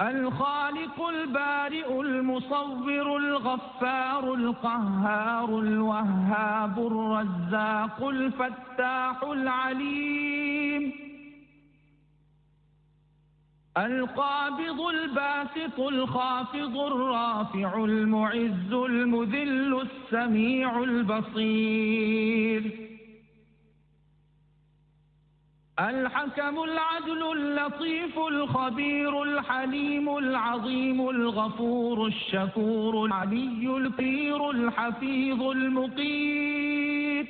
الخالق البارئ المصور الغفار القهار الوهاب الرزاق الفتاح العليم القابض الباسط الخافض الرافع المعز المذل السميع البصير الحكم العدل اللطيف الخبير الحليم العظيم الغفور الشكور العلي الكبير الحفيظ المقيت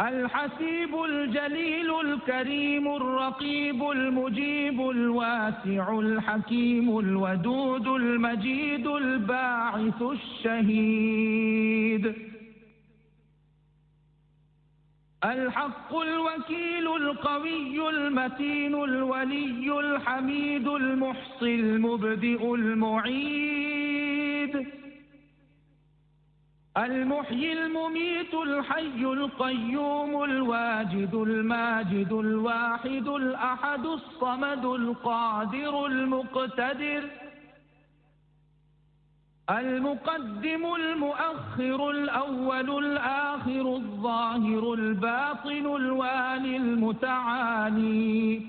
الحسيب الجليل الكريم الرقيب المجيب الواسع الحكيم الودود المجيد الباعث الشهيد الحق الوكيل القوي المتين الولي الحميد المحصي المبدئ المعيد المحيي المميت الحي القيوم الواجد الماجد الواحد الأحد الصمد القادر المقتدر المقدم المؤخر الأول الآخر الظاهر الباطن الوالي المتعالي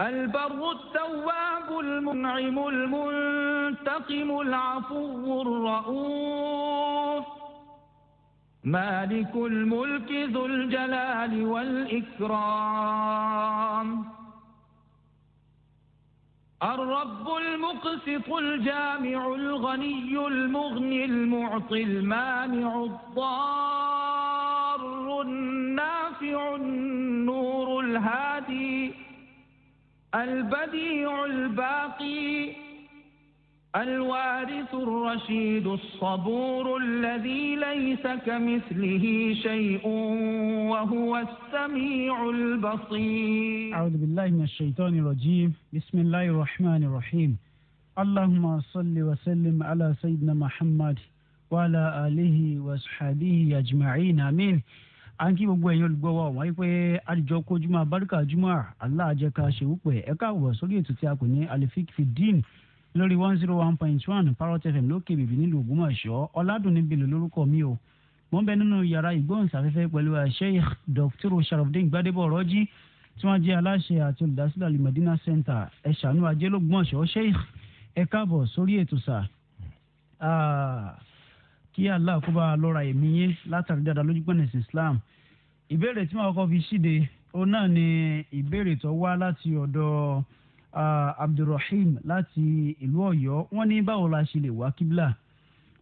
البر التواب المنعم المنتقم العفو الرؤوف مالك الملك ذو الجلال والإكرام الرب المقسط الجامع الغني المغني المعطي المانع الضار النافع النور الهادي البديع الباقي الوارث الرشيد الصبور الذي ليس كمثله شيء وهو السميع البصير أعوذ بالله من الشيطان الرجيم بسم الله الرحمن الرحيم اللهم صل وسلم على سيدنا محمد وعلى آله وصحبه أجمعين آمين à ń kí gbogbo ẹ̀yin olùgbọ́ wa wọ́n pé àdìjọ́kọ́ jùmọ̀ abárúkà jùmọ̀ aláàjẹká ṣèwúpẹ̀ ẹ̀ka àwọ̀ sórí ètò tí anki kò ní alifik fi dín lórí one zero one point one parrot fm lókè bèbí nílùú ògbómọ̀ṣọ́ ọ̀làdùnní bèlè lórúkọ mi o mo ń bẹ nínú yàrá ìgbóhùnsáfẹ́fẹ́ pẹ̀lú eh, sheikh dr sharafdin gbadebo ọ̀rọ̀jì tí wọ́n jẹ́ aláṣẹ àti olùdásílẹ̀ alimọ̀dínà center ẹ̀ṣánú ajé lọ́gbọ̀nsọ̀ sheikh ẹ káàbọ̀ sórí ètò sà kí allah kó bá lọ́ra ẹ̀mí yín látàrí dáadáa lójú pẹ̀lú islam ìbéèrè tí màá kọ́ fi ṣíde ó náà ni ìbéèrè tó wá láti ọ̀dọ̀ abdulrahim láti ìlú ọ̀yọ́ wọ́n ní báwo la ṣe lè wá kíbla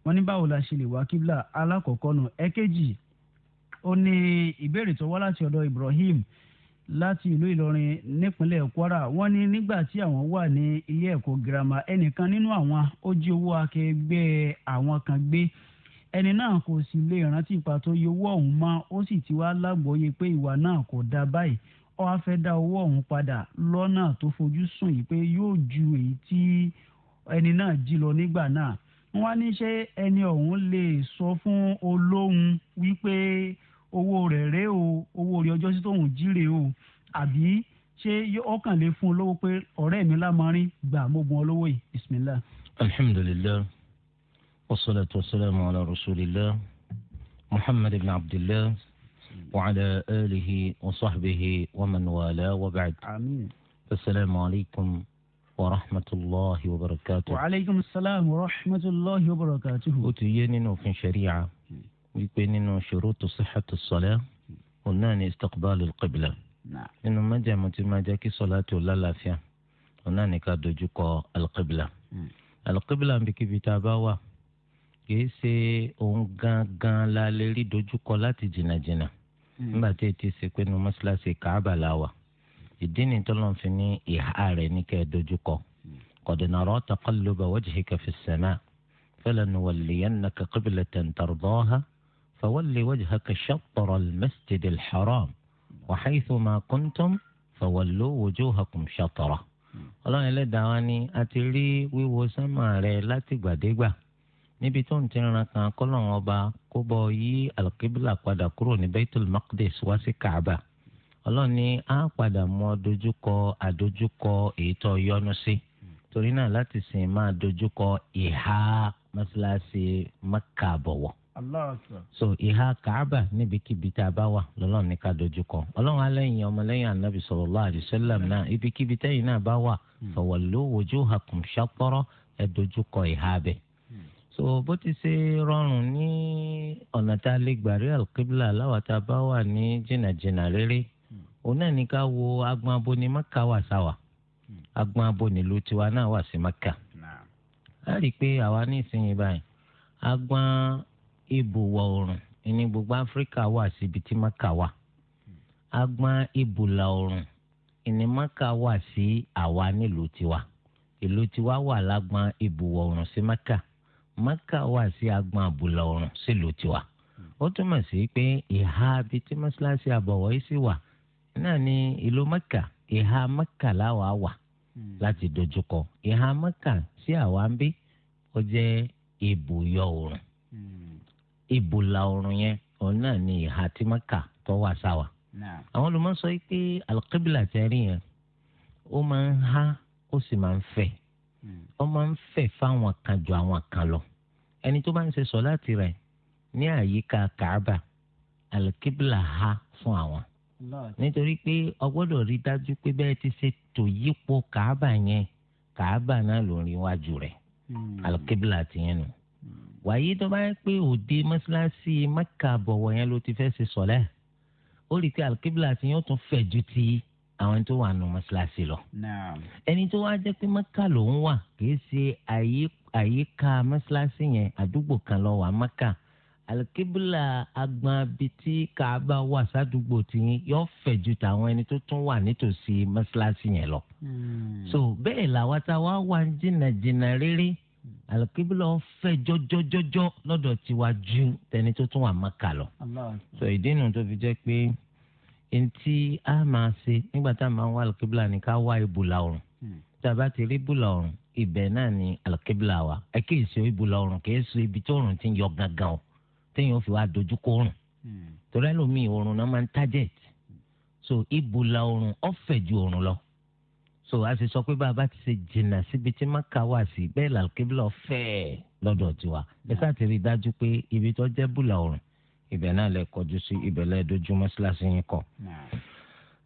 wọ́n ní báwo la ṣe lè wá kíbla alákọ̀ọ́kọ́ nù ẹ̀kejì ó ní ìbéèrè tó wá láti ọ̀dọ̀ ibrahim láti ìlú ìlọrin nípínlẹ̀ kwara wọ́n ní nígbà tí àwọn wà ní ilé ẹ̀kọ́ girama ẹnìkan nínú àwọn ó jí owó akẹgbẹ́ àwọn kan gbé ẹni náà kò sì lè rántí ipa tó yọwọ́ ọ̀hún mọ́ ó sì ti wá lágbóye pé ìwà náà kò dáa báyìí ó wá fẹ́ dá owó ọ̀hún padà lọ́nà tó fojú sùn yìí pé yóò ju èyí tí ẹni náà jí lọ nígbà náà wọ́n ní ṣé ẹni ọ̀hún lè sọ fún olóhùn wípé owó rẹ̀ ré o owó rẹ̀ ọjọ́ sí tóun jíre o àbí ṣé ọkàn lè fún olówó pé ọ̀rẹ́ mi lámarin gbà mo gun olówó yìí bisimilá. alhamdulilayi wasalaatu wasalaamu ala rasulillah muhammad ibn abdillah. وعلى آله وصحبه ومن والاه وبعد آمين السلام عليكم ورحمة الله وبركاته وعليكم السلام ورحمة الله وبركاته وتيينين في شريعة ويبينين شروط صحة الصلاة وناني استقبال القبلة نعم إنه ما جاء ما جاء صلاة ولا لا فيها وناني كادوجوكو القبلة القبلة بكيفي تاباوا kìí ṣe ohun gangan la lè جنا جنا. Hmm. nígbà tí etí ṣe pé nu mọ́ṣáláṣí káàbà la wà ìdí ni tọ́lọ́n fi ní ìhà rẹ̀ ní kẹ́ ẹ dojúkọ kọ̀dùnàrọ̀ hmm. taqalluba wajhika fi s-samaa falanuwalliyannaka qiblatan tardaha fawalli wajhaka shaṭra al-masjid al-haram wa haythuma kuntum fawallu wujuhakum shaṭrahu hmm. ọlọ́run ẹlẹ́dàá wa ni a ti níbi tó ń ti ran kan kọ́lọ́run ọba kó bọ yí alqibla padà kúrò ní baitul maqdis wá sí kaaba ọlọ́run ní á padà mọ dojúkọ àdojúkọ èyí tó yọ́nú sí torí náà láti sìn máa dojúkọ ìhà mọ́sálásí mẹ́kà bọ̀wọ̀. so ìhà kaaba níbikíbi tá a bá wà lọ́lọ́run ní ká dojúkọ ọlọ́run alẹ́yìn ọmọlẹ́yìn anabi sallallahu alaihi wasallam náà ibikíbi tẹ́yìn náà bá wà hmm. fawallu wujuhakum shatrahu ẹ dojúkọ ìhà bẹ́ẹ̀ so bó ti ṣe rọrùn ní ọ̀nà tá a lè gbàrí alqibla láwa tá a bá wà ní jìnnàjìnnà rere òun náà ní ká wo agbọn abo ní maka wà sáwà agbọn abo nílùú tiwa náà wà sí maka a rí i pé àwa ní ìsinyìí báyìí agbọn ibùwọ̀ oòrùn ní gbogbo áfíríkà wà síbi tí maka wà agbọn ibùlà oòrùn ní maka wà sí àwa nílùú tiwa ìlú tiwa wà lágbọn ibùwọ̀ oòrùn sí maka maka wà sí agbọn àbúlọ ọrùn sílùú tiwa ó túmọ̀ sí pé ìhà bíi tí mọ́ṣáláṣí àbọ̀wọ́ yìí sì wà náà ni ìlú maka ìhà maka láwa wà hmm. láti dojúkọ ìhà maka sí àwa ń bí ó jẹ́ ibùyọ oòrùn hmm. ibùlà oòrùn yẹn òun náà ni ìhà tí maka tó wà sáwà àwọn olùmọ̀ sọ pé alqibla tẹ́rí yẹn ó máa ń há ó sì máa ń fẹ̀ wọ́n máa ń fẹ̀ fáwọn kan ju àwọn kan lọ ẹni tó bá ń ṣe sọ láti rẹ̀ ní àyíká Kaaba alikibla ha fún àwọn nítorí pé ọgbọ́dọ̀ rí dájú pé bẹ́ẹ̀ ti ṣe tò yípo Kaaba yẹn Kaaba náà ló rí wájú rẹ̀ hmm. alikibla ti yẹn nù hmm. wàyí tó bá yẹ pé òde mọ́ṣáláṣí Mẹ́kà bọ̀wọ̀ yẹn ló ti fẹ́ ṣe sọ̀lẹ́ ó rí i pé alikibla ti ó tún fẹ̀ ju ti àwọn tó wà nù mọ́ṣáláṣí lọ. ẹni tó wá jẹ́ pé mẹ́kà ló ń wà kìí ṣe àyíká mọ́ṣáláṣí yẹn àdúgbò kan lọ wà mẹ́kà alikibula agbọn abiti kaaba wà sádùúgbò tiyín yọ fẹ̀ ju tàwọn ẹni tó tún wà nítòsí mọ́ṣáláṣí yẹn lọ. Hmm. so bẹ́ẹ̀ làwọn tá a wá wà ń jìnnà jìnnà rírí alikibula fẹ̀ jọjọjọjọ lọ́dọ̀ tiwa ju tẹni tó tún wà mẹ́kà lọ. so ìdí nu tó fi jẹ́ pé ntí a máa ṣe nígbà tá a máa ń wá alùkébìlà ni ká wá ibùlà ọ̀run hmm. tá a bá ti rí ibùlà ọ̀run ibẹ̀ náà ni alùkébìlà wa ẹ kì í ṣe ibùlà ọ̀run kì í ṣe ibi tí oòrùn ti ń yọ gangan o téèyàn fi wá dojú kọ oòrùn hmm. torí ẹlòmíì oòrùn náà máa ń target so ibùlà oòrùn ọ̀fẹ́ ju oòrùn lọ so a sì sọ pé bá a bá ti ṣe jìnnà síbi tí maka wà sí bẹ́ẹ̀ làlùkébìlà ọ̀fẹ́ lọ́dọ̀ tiwa ẹ hmm. sáà ti rí i dájú pé ibi tó jẹ́ bùlà ọ̀run ibẹ̀ náà lẹ kọjú sí ibẹ̀ lẹ dojú mọ́ṣáláṣí yín kọ.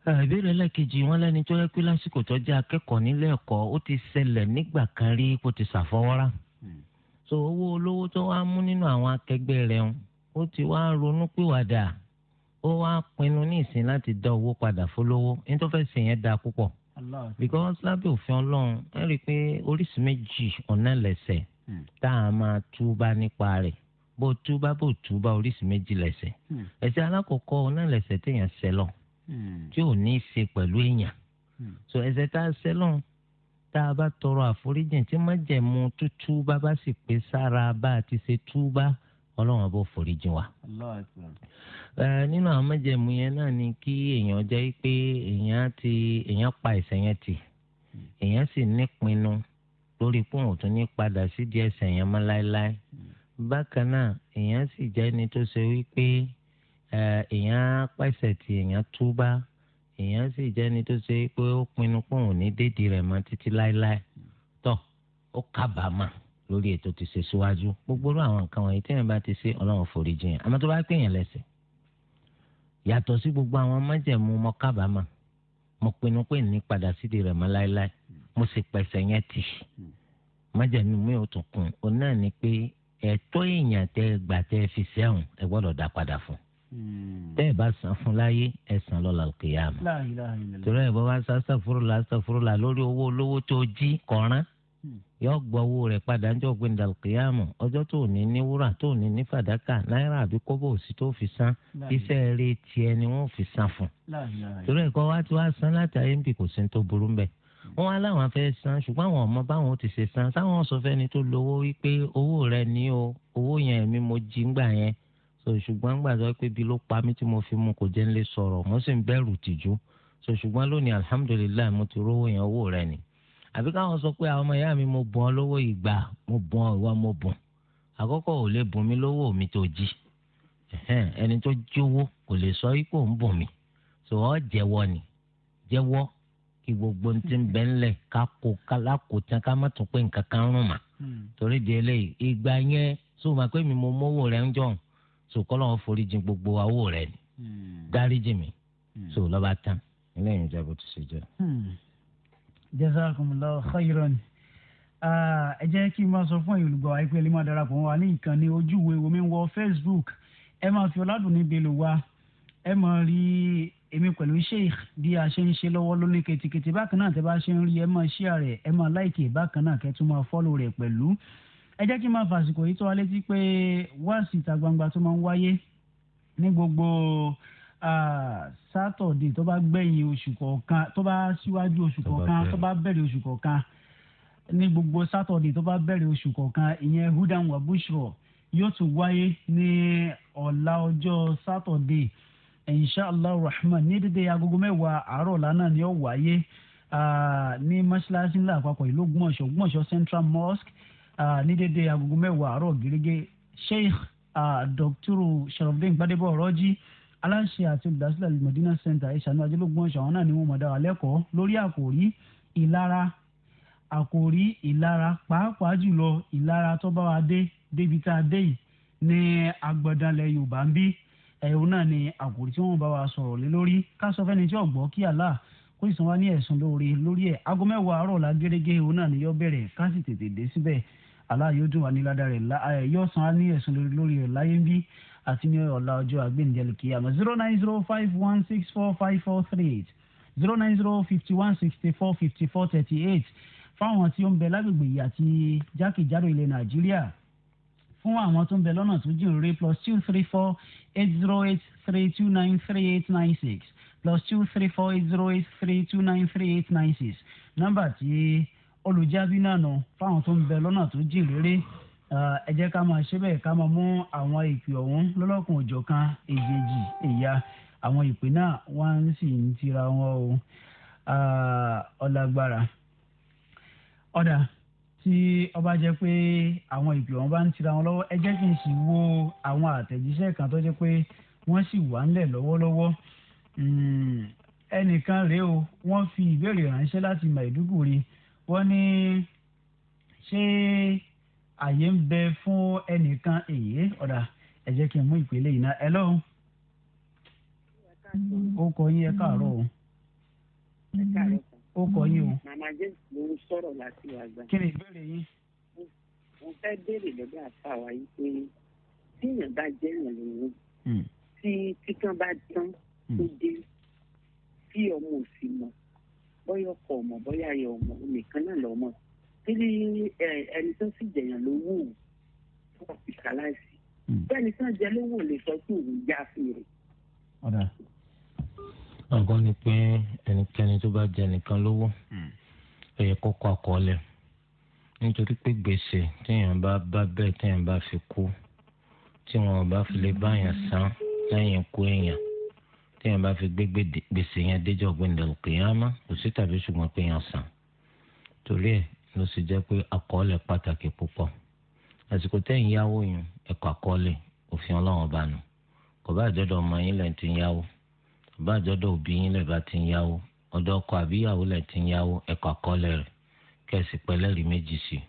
Ah, ìbéèrè lẹ́kejì wọn lẹ́ni tó yẹ pé lásìkò tó jẹ́ akẹ́kọ̀ọ́ nílé ẹ̀kọ́ ó ti ṣẹlẹ̀ nígbà kan rí kó ti ṣàfọwọ́rá. Hmm. so owó olówó tó wá mú nínú àwọn akẹgbẹ́ rẹ̀ ń ó ti wá ronú pìwàdà ó wá pinnu ní ìsìn láti dá owó padà fólówó ní tó fẹ́ sèyẹn dáa púpọ̀ because lábẹ́ òfin ọlọ́run ẹ rí i pé oríṣi méjì ọ̀nà lẹ̀sẹ̀ hmm. tá a máa túbá nípa rẹ̀ bó túbá bó túbá oríṣi méjì lẹ́ṣẹ̀ hmm. ẹ̀ṣẹ̀ alákọ̀ọ́kọ́ náà lẹ́ṣẹ̀ téèyàn ṣẹ̀ lọ hmm. tí ò ní í ṣe pẹ̀lú èèyàn hmm. so ẹ̀ṣẹ̀ tá a ṣẹ̀ lọ tá a bá tọrọ àforíjìn tí má jẹ̀mú tútú bá bá sì pé sára bá a ti ṣe túbá ọlọ́run àbọ̀ foríjìn wa. nínú àwọn májẹ̀mú yẹn náà ni kí èèyàn jẹ́ pé èèyàn ti èèyàn pa ẹ̀ṣẹ̀ yẹn tì èèyàn sì nípinnu lórí pé òun ní padà sídìí ẹ̀ṣẹ̀ yẹn mọ́ láéláé bákan náà èèyàn sì jẹ́ ẹni tó ṣe wípé èèyàn á pẹ̀sẹ̀ tí èèyàn túbá èèyàn sì jẹ́ ẹni tó ṣe pé ó pinnu pé òun ní dédìí rẹ̀ mọ́ títí láéláé tó ó kábàámà lórí ètò ti ṣe síwájú gbogbo àwọn nǹkan wọ̀nyí téèyàn bá ti ṣe ọlọ́run forí jiyàn àmọ́ tó bá pè yàn lẹ́sẹ̀ yàtọ̀ sí gbogbo àwọn májẹ̀mú mọ́ kábàámà mo pinnu pé ní padà sídìí rẹ̀ mọ́ láéláé mo sì pẹ̀sẹ̀ yẹn tì májẹ̀mú mi ò tún kún un náà ni pé ẹ̀tọ́ èèyàn tẹ gbà tẹ fi sẹ́wọ̀n ẹ gbọ́dọ̀ dá padà fún hmm. tẹ́ ẹ bá san fún láyé ẹ san lọ́la kìyàmù torí ẹ̀ bọ́ bá sá sàfúrúlà sàfúrúlà lórí owó olówó tó jí kọrán hmm. yọ gbọ́ owó rẹ̀ padà ń ni fi san fún wá tí san látàrí kò sí ní wọn wá láwọn fẹ́ san ṣùgbọ́n àwọn ọmọ báwọn ti ṣe san sáwọn sọ tó lówó wípé owó rẹ ní o owó yẹn mi mo jí ngbà yẹn so ṣùgbọ́n ngbà tó pé bí ló pa mí tí mo fi mu kò jẹ́ ń lè sọ̀rọ̀ mo sì ń bẹ̀rù tìjú so ṣùgbọ́n lónìí alihamudulilayi mo ti rówó yẹn owó rẹ ni àbí káwọn sọ pé àwọn ọmọ ìyá mi mo bùn ọ lówó ìgbà mo bùn ọ ìwà mo bùn àkọ́kọ́ ò lè bùn mí lówó mi tó jí ẹni tó jówó kò lè sọ ipò ń bùn mi so ọ jẹ́wọ́ ni jẹ́wọ́ kí gbogbo ń ti bẹ́ ńlẹ̀ ká kó kálá kó tán ká má tún pé nǹkan kan rùn mà. Hmm. torí di eléyìí ìgbà yẹn sóò máa pé mi mo mówó rẹ̀ ń jọ̀ sòkòlò wọn forí jìn gbogbo àwò rẹ̀ ni hmm. dáríjì mi hmm. sóò lọ́ba tán lẹ́yìn ìjábọ̀ tó ṣe jẹ́. jazakumullahu khairan ẹ jẹ́ kí n máa sọ fún ìlú gbọ́ àìpẹ́ lè máa darapọ̀ wá ní ìkànnì ojúwe omi wọ Facebook ẹ máa fi ọ̀làdùn níbi lò wá ẹ máa èmi pẹ̀lú sheikh bí a ṣe ń ṣe lọ́wọ́ lóní ketekete bákan náà tẹ́ bá ṣe ń rí ẹ máa share rẹ̀ ẹ máa like e. bákan náà kẹ́ tún máa follow rẹ̀ pẹ̀lú ẹ jẹ́ kí n máa fàsìkò yìí tó wa létí pé wáàsì ìta gbangba tó máa ń wáyé ní gbogbo sátọ̀dé tó bá gbẹ̀yìn oṣù kọ̀ọ̀kan tó bá síwájú oṣù kọ̀ọ̀kan tó bá bẹ̀rẹ̀ oṣù kọ̀ọ̀kan ní gbogbo sátọ̀dé tó bá bẹ̀rẹ̀ oṣù kọ̀ọ̀kan ìyẹn hudan wabushro yóò tún wáyé ní ọ̀la ọjọ́ sátọ̀dé inshallah rahman ní dédé agogo mẹ́wàá àárọ̀ lánàá ni ó wáyé ní mọ́ṣáláṣí ńlá àpapọ̀ ìlú Ògbómọ̀ṣọ́ Ògbómọ̀ṣọ́ Central Mosque ní dédé agogo mẹ́wàá àárọ̀ gẹ́gẹ́ sheikh dr sharafdin gbadebo ọ̀rọ́jì aláṣẹ àti olùdásílẹ̀ alimọ̀dínà center ìṣàánú ajẹ́lógún ọ̀ṣọ́ àwọn náà ni wọ́n mọ̀ dára lẹ́kọ̀ọ́ lórí àkòrí ìlara àkòrí ìlara pàápàá jùlọ ìlara tó bá wa dé débi tá a dé yìí ní agbọ̀dànlẹ̀ yorùbá ń bí ẹ̀rù náà ni àkòrí tí wọ́n bá wa sọ̀rọ̀ lé lórí ká sọ fẹ́ni tí ọ̀gbọ́ kí Allah kó sì san ní ẹ̀sùn lóore lórí ẹ̀ aago mẹ́wàá àárọ̀ la gẹ́gẹ́ òun náà ni yọ bẹ̀rẹ̀ ká sì tètè dé síbẹ̀ Allah yóò dùn wá ní ládàá rẹ̀ yọ san wá ní ẹ̀sùn lóore lórí ẹ̀ láyé ń bí àti ní ọ̀la ọjọ́ àgbéǹdẹ̀lù kìyàmù zero nine zero five one six four five four three eight zero nine zero fifty one sixty four fifty four thirty eight fáwọn tí ó ń bẹ lágbègbè yìí àti jákèjádò ilẹ̀ Nàìjíríà fún àwọn tó ń bẹ lọ́nà tó jìn rere plus two three four eight zero eight three two nine three eight nine six plus two three four eight zero eight three two nine three eight nine six nọ́mbà tí olùjábí náà nù fáwọn tó ń bẹ lọ́nà tó jìn rere ẹ jẹ́ ká máa ṣe bẹ́ẹ̀ ká máa mú àwọn ìpè ọ̀hún lọ́lọ́kùn òjọ̀ kan èjèèjì ẹ̀yà àwọn ìpè náà wọ́n sì ń tira wọn o ọ̀làgbára ọ̀dà tí ọba jẹ́ pé àwọn ìpè wọn bá ń tira wọn lọ́wọ́ ẹ jẹ́ kí n sì wo àwọn àtẹ̀jíṣẹ́ kan tó jẹ́ pé wọ́n sì wà ńlẹ̀ lọ́wọ́lọ́wọ́ hmm, ẹnìkan rèé o wọ́n fi ìbéèrè ránṣẹ́ láti Maiduguri wọ́n ní ṣé àyè ń bẹ fún ẹnìkan èyí ọ̀dà ẹ jẹ́ kí n mú ìpele yìí náà ẹ lọ́hùn. ó kọ yín ẹ káàárọ̀ o. ẹ káàárọ̀ ó kọ yín o. Mm, màmá james ló ń sọ̀rọ̀ láti wàgbà. kí ni ìbéèrè yín. mo fẹ́ béèrè lọ́dọ̀ àfa wa yìí pé tíyàn bá jẹ́ èèyàn lòun mm. tí kíkan bá tán mm. tó dé tí ọmọ ò sì mọ̀ bóyá ọkọ ọmọ bóyá ayọ̀ ọmọ nìkan náà lọ́mọ kí ni ẹni tó sì jẹ̀yàn ló wù ú tó wà fi kàláìsì bẹ́ẹ̀ ni sàn jẹ́ ló wù lè sọ pé òun já sí rẹ̀ àgọ́ ni pé ẹnikẹ́ni tó bá jẹ nìkan lówó hmm. ó yẹ kókó àkọọ́lẹ̀ nítorí pé gbèsè téèyàn bá bá bẹ́ẹ̀ téèyàn bá fi kú tí wọn ò bá fi lè báyàn san lẹ́yìn ikú èèyàn téèyàn bá fi gbé gbèsè yẹn déjọ́ gbẹ̀ndẹ̀ kìyàmá kò sí tàbí ṣùgbọ́n pé yẹn san torí ẹ̀ ló sì jẹ́ pé àkọọ́lẹ̀ pàtàkì púpọ̀ àsìkò tẹ́yìn yáwó yẹn ẹ̀kọ́ àkọọ́lẹ̀ òfin ọlọ́run ọba nù kò bá àjọ́dọ̀ ọmọ yín lẹ́yìn ìbájọ́dọ̀ òbí yín lẹ́ẹ̀ bá ti ń yáwó ọ̀dọ̀ ọkọ àbíyàwó lẹ́ẹ̀ ti ń yáwó ẹ̀kọ́ àkọọ́lẹ̀ rẹ̀ kẹ̀sì pẹ̀lẹ́rìí méjì sí i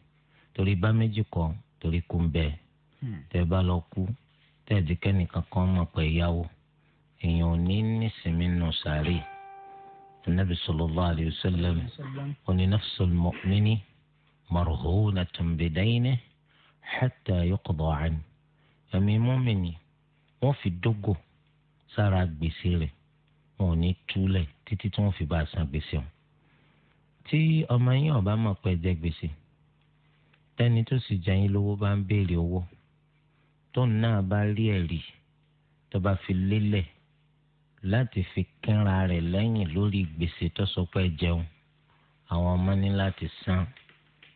torí bá méjì kọ́ torí kú ń bẹ́ẹ̀ hmm. tẹ́ bá lọ kú tẹ́ẹ̀dì kẹ́nìkan kan mọ̀ pé yáwó èèyàn ò ní nísìmí nù sàárè anabi sallallahu alayhi wa sallam oní nafsul mu'mini marhunatun bidaynihi hatta yuqda fi dógò sára gbèsè rẹ̀ wọn ò ní túlẹ̀ títí tí wọ́n fi bá a san gbèsè wọn. tí ọmọ yín ọba mọ̀ pé jẹ gbèsè tẹni tó sì jẹ yín lówó bá ń béèrè owó tóun náà bá rí ẹ̀rí tó bá fi lélẹ̀ láti fi kínra rẹ̀ lẹ́yìn lórí gbèsè tó sọ pé jẹun àwọn ọmọ ní láti san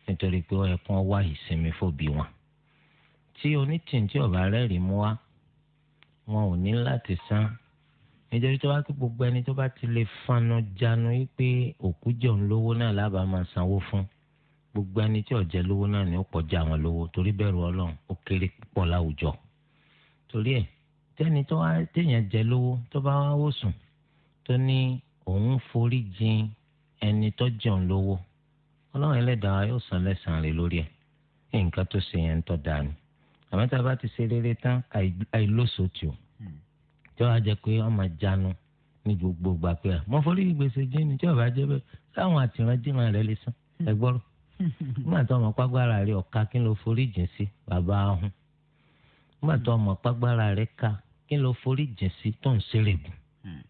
nítorí pé ẹ̀kún wá ìsinmi fòbí wọn. tí onítìǹtì ọ̀bà rẹ̀ mú wá wọn ò ní láti san nítorí tó bá kí gbogbo ẹni tó bá ti lè fanu janu yìí pé òkú jẹun lówó náà lábàá máa sanwó fún gbogbo ẹni tí ọ̀jẹ̀ lówó náà ni ó pọ̀jà àwọn lówó torí bẹ̀rù ọlọ́run ó kéré púpọ̀ láwùjọ torí ẹ̀ tẹ́ni tó wá téèyàn jẹ lówó tó bá wá wò sùn tó ní òun forí jìn ẹni tó jẹun lówó ọlọ́run ẹlẹ́dàá yóò san lẹ́sàn-án rẹ̀ lórí ẹ̀ nǹkan tó ṣe yẹn ń tọ́ da ni àmọ́ tá a bá ti ṣe rere tán àìlóṣòtì o tí wọ́n á jẹ pé ọmọ jánu ní gbogbo gbà pé à mọ forí gbèsè jẹ ni tí ọba jẹ bẹ láwọn àtìrandíran rẹ lè san ẹ gbọrọ nígbà tó ọmọ pàgbára rẹ ọka kí ló forí jìn sí bàbá ahun nígbà tó ọmọ pàgbára rẹ ka kí ló forí jìn sí tó ń ṣeré bù hmm.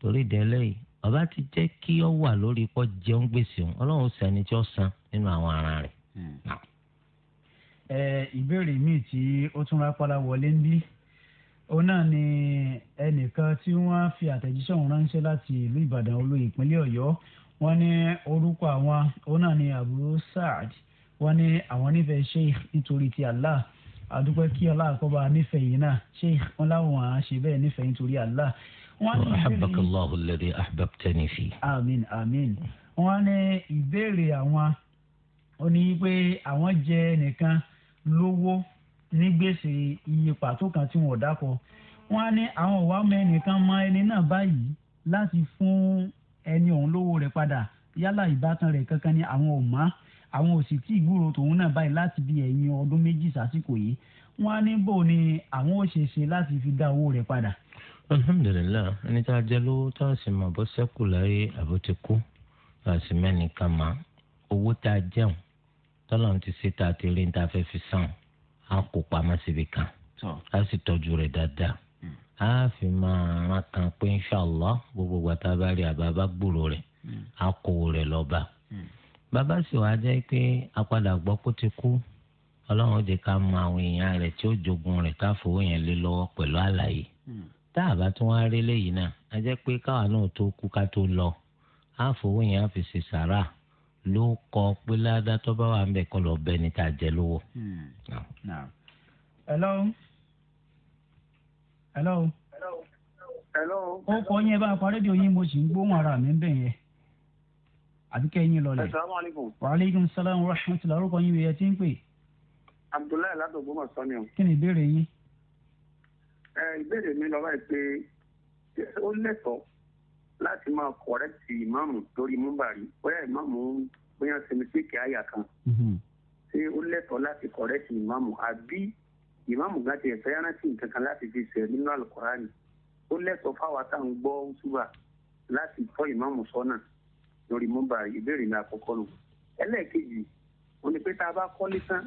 torí délé yìí ọba ti jẹ́ kí ọ wà lórí ikọ jẹun gbèsè òun Ọlọ́run sẹni tí ó san nínú àwọn ara rẹ. Hmm. ìbéèrè míì tí ó tún rápálá wọlé ń bí òun náà ni ẹnìkan tí wọ́n fi àtẹ̀jíṣẹ́ òun ránṣẹ́ láti ìlú ìbàdàn olú ìpínlẹ̀ ọ̀yọ́ wọ́n ní orúkọ àwọn òun náà ni àbúrò saad wọ́n ní àwọn nífẹ̀ẹ́ sheikh nítorí ti allah àdúpẹ́ kí ọlá àkọ́bá nífẹ̀ẹ́ yìí náà sheikh wọn láwọn á ṣe bẹ́ẹ̀ nífẹ̀ẹ́ nítorí allah. ahabaka allahu alladhi ahbabtani fi. amin amin wọ́n ní ìbéèrè àwọn ó àwọn jẹ ẹnìkan lówó ní gbèsè iye pàtó kan tí wọn ò dákọ wọn á ní àwọn ọ̀wá mẹ́nìkan mọ ẹni náà báyìí láti fún ẹni ọ̀hún lówó rẹ̀ padà yálà ìbátan rẹ̀ kankan ní àwọn ò mọ̀ àwọn ò sì tí ì gbúrò tòun náà báyìí láti bí ẹ̀yìn ọdún méjì sásìkò yìí wọn á ní bò ní àwọn ò láti fi dá owó rẹ̀ padà. alhamdulilayi ẹni tá a jẹ lówó tá a sì mọ̀ bó sẹ́kù láyé àbó ti kú tá a sì mẹ́nìkan mọ̀ owó tá a jẹun tọ́lọ́run ti ṣe tá a ti rí ní tá a fẹ́ fi sàn a kó pamọ́ síbi kan a sì tọ́jú rẹ̀ dáadáa hmm. a fi máa ran kan pé inṣàlá gbogbo gbàtà bá rí àbábá gbòòrò rẹ̀ hmm. a kó rẹ̀ lọ́ba. Hmm. bàbá sì wá jẹ́ pé a padà gbọ́ kó ti kú ọlọ́run jẹ́ ká mọ àwọn èèyàn rẹ̀ tí ó jogun rẹ̀ ká fowó yẹn lé lọ́wọ́ pẹ̀lú àlàyé tá a bá tún wá rí léyìí náà a jẹ́ pé káwa náà tó kú ká tó lọ á fowó yẹn á fi ṣe sàrà ló kọ pé ládàá tó bá wà ń bẹ̀ kọ́ lọ bẹ́ẹ̀ ni tá jẹ lówó. Hmm. hello. hello. hello. ó kọ yẹn bá a parí di oyin mo sì ń gbóhùn ara mi yẹn yín lọlẹ̀. waaleykum salaam wa rahmatulah orúkọ yín ń pè. abdullahi látò o. kí ni ìbéèrè yín. ìbéèrè mi pé ó lẹ́tọ̀ọ́ láti máa kọ̀rẹ́tì ìmáàmù lórí múbàrí bóyá ìmáàmù bóyá sẹmísíkì àyà kan mm-hmm. ṣé ó lẹ́tọ̀ọ́ láti kọ̀rẹ́tì ìmáàmù àbí ìmáàmù gan ti ẹ̀fẹ́ rántí nǹkan kan láti fi ṣẹ̀ nínú àlùkùránì ó lẹ́tọ̀ọ́ fáwa tá à ń gbọ́ ṣúbà láti tọ́ ìmáàmù sọ́nà lórí múbàrí ìbéèrè ní àkọ́kọ́ nù ẹlẹ́ẹ̀kejì ó ní pé tá a bá kọ́lé tán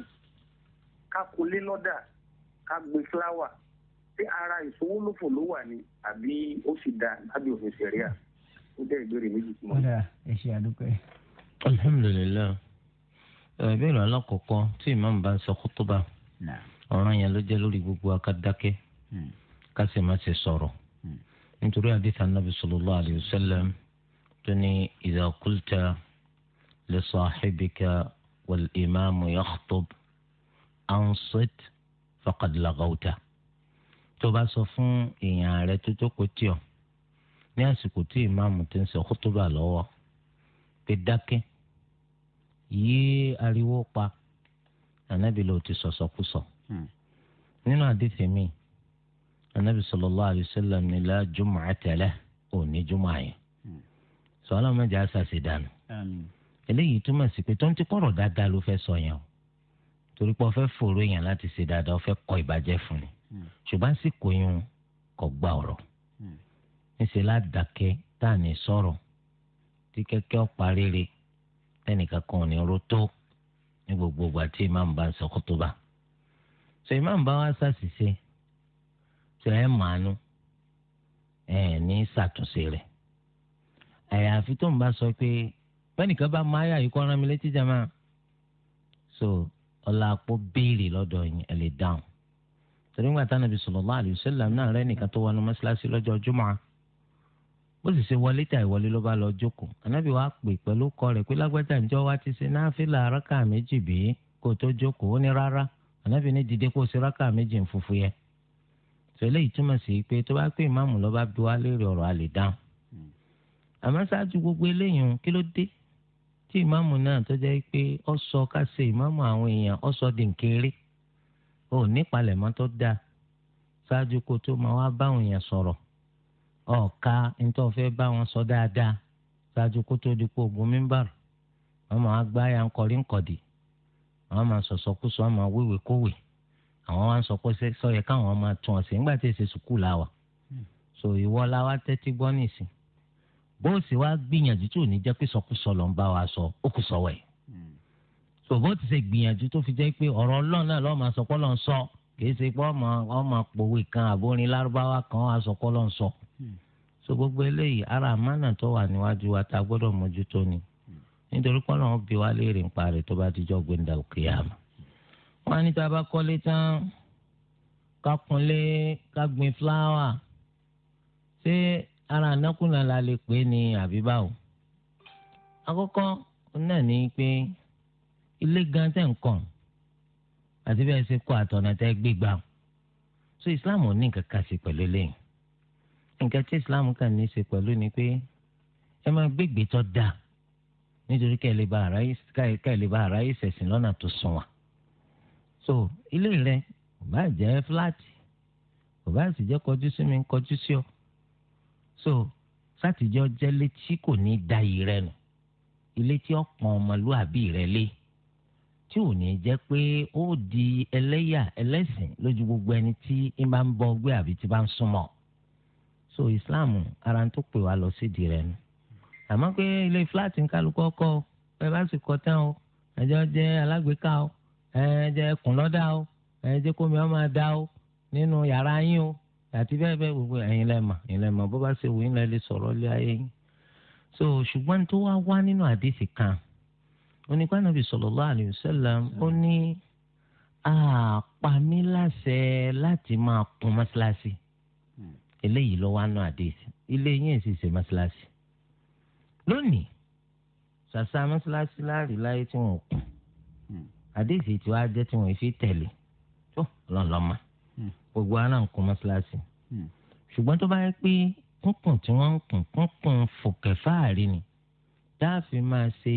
ká kulé lọ́dà ká gbin fúláwà ṣé ara ìfowólòfò ló wà ní àbí ó sì dá lábẹ́ òfin ṣẹ̀ríà ó jẹ́ ìbéèrè méjì tí mo ní. ẹ ṣe àdúpẹ́. alhamdulilayi ìbéèrè alákọ̀ọ́kọ́ tí imam bá ń sọ kótóbá ọ̀ràn yẹn ló jẹ́ lórí gbogbo akádákẹ́ ká hmm. má ṣe sọ̀rọ̀ hmm. nítorí àdìsá nàbì sallallahu alayhi tó ní idha qulta li sahibika wal imamu yakhutub ansit tó bá sọ fún èèyàn rẹ tó jókòó tì ọ́ ní àsìkò tí ìmáàmù ti ń sọ kútúbà lọ́wọ́ pé dákẹ́ yí ariwo pa ànábì ló ti sọ̀sọ̀kúsọ. Hmm. nínú àdìsí mi ànábì sallallahu alaihi wasallam ní la jumu'ata lahu òní jùmọ̀ àyẹ̀ hmm. sọlá mẹ́jọ àṣàṣe dànù eléyìí túmọ̀ sí pé tó ń ti kọ̀rọ̀ dáadáa ló fẹ́ sọ yẹn o torí pé ó fẹ́ fòrò yẹn láti ṣe dáadáa ó fẹ́ kọ ìbàjẹ́ fún ni ṣùgbọ́n sì kò yun kò gba ọ̀rọ̀ ńṣe hmm. ládàkẹ́ tá à ní sọ̀rọ̀ tí kẹ́kẹ́ ọ̀pá rere tẹnìkan kan ò ní ro tó ní gbogbo ìgbà tí ìmáàmù bá ń sọ kó tó bá sọ ìmáàmù bá wá ṣàṣìṣe tẹ ẹ màánú ẹ ní ṣàtúnṣe rẹ̀ àyàfi tó ń bá sọ pé bẹ́nìkan bá máa yà yìí kọ́ ọ́n rán mi létí jàmáà so ọlá àpò béèrè lọ́dọ̀ yín ẹ lè dáhùn torí ńgbà anabi nàbì sallallahu alayhi wa sallam náà rẹ nìkan tó wọnú mọ́ṣáláṣí lọ́jọ́ jùmọ̀ ó sì ṣe wọlé tà ìwọlé ló bá lọ jókòó wa pè pẹ̀lú kọ rẹ̀ pé lágbájá ǹjọ́ wa ti ṣe náfìlà rákà méjì bí kò tó jókòó ní rárá ànábì ní dìde kó ṣe rákà méjì ń fufu yẹ tẹ́lẹ̀ ìtumọ̀ sí pé tó bá pé ìmáàmù lọ bá bí wa ọ̀rọ̀ a gbogbo eléyìí kí ló dé tí ìmáàmù náà tó jẹ́ pé sọ ká ṣe ìmáàmù ò nípalẹ̀mọ́ tó dáa ṣáájú kó tó máa wá báwọn yẹn sọ̀rọ̀ ọ̀ka nítorí wọ́n fẹ́ bá wọn sọ dáadáa ṣáájú kó tó di pé ogun mímbàrò wọ́n máa gbá ya ńkọrí ńkọ̀dì wọ́n máa sọ̀sọ̀ kú sọ máa wéwè kówè àwọn wa ń sọ pé sọ́yẹ káwọn máa tún ọ̀sẹ̀ nígbà tí èsè sùkúù la wà hmm. so ìwọ la wá tẹ́tí gbọ́ nìsín bó sì wá gbìyànjú tí ní jẹ́ pé sọkúsọ ló bá wa sọ ó kù sọ wẹ̀ sòbó ti ṣe gbìyànjú tó fi jẹ́ pé ọ̀rọ̀ ọlọ́run náà lọ́ọ́ máa sọ̀kọ́ lọ́n sọ kìí ṣe pé ọmọ ọmọ pòwe kan àbórin lárúbáwá kan àsọ̀kọ́ lọ́n sọ. Hmm. so gbogbo eléyìí ara àmánà tó wà níwájú wa tá gbọ́dọ̀ mójútó ni hmm. nítorí pé ọlọ́run bí wá léèrè ń parẹ́ tó bá dijọ́ gbẹ̀ndà òkè àmọ́. wọ́n á ní tá a bá kọ́lé tán ká kunlé ká gbin fúláwà ṣé ara ànákùnà la lè pè é ní àbíbáwò. àkọ́kọ́ náà ní pé. Pe ilé gan tẹ̀ ń kàn àti bẹ́ẹ̀ ṣe kó àtọ̀nà tẹ́ gbígbà so islam ò ní nǹkan kan ṣe pẹ̀lú eléyìí nǹkan tí islam kàn ní ṣe pẹ̀lú ni pé ẹ máa gbégbé tó dáa nítorí ká ẹ lè bá ara yìí ṣẹ̀sìn lọ́nà tó sunwọ̀n so ilé rẹ kò bá jẹ́ fúláàtì kò bá sì jẹ́ kọjú sí mi kọjú sí ọ so sátìjọ́ jẹ́ létí kò ní da yìí rẹ nù ilé tí ọ̀pọ̀ ọmọlúàbí rẹ lé tí ò ní jẹ́ pé ó di ẹlẹ́yà ẹlẹ́sìn lójú gbogbo ẹni tí ń bá ń bọ ọgbẹ́ àbí tí bá ń súnmọ́ so islam ara tó pè wá lọ sídìí rẹ̀ nu àmọ́ pé ilé fúláàtì ń kálukọ́ kọ́ ẹ bá sì kọ́ tán o ẹjọ́ jẹ́ alágbèéká o ẹ jẹ́ o ẹ kómi ọmọ dá o nínú yàrá yín o àti bẹ́ẹ̀ bẹ́ẹ̀ gbogbo ẹ̀yin lẹ́mọ̀ ẹ̀yin lẹ́mọ̀ bó bá ṣe wù yín lẹ́ lè sọ̀rọ̀ lé ayé yín so ṣùgbọ́n tó wá wá nínú àdìsí kan onípànàbì sallallahu alayhi wa sallam ó ní àpamí láṣẹ láti máa kun mọ́ṣáláṣí hmm. eléyìí ló wá náà àdéhùn ilé yín sì ṣe mọ́ṣáláṣí lónìí ṣàṣà mọ́ṣáláṣí láàrí láyé tí wọ́n kù àdéhùn hmm. tí wàá jẹ́ tí wọ́n fi tẹ̀lé tó lọ́lọ́mà hmm. gbogbo ara ń kun mọ́ṣáláṣí ṣùgbọ́n tó bá yẹ pé kúnkùn tí wọ́n ń kùn kúnkùn fòkè fáàrí ni dáàfin máa ṣe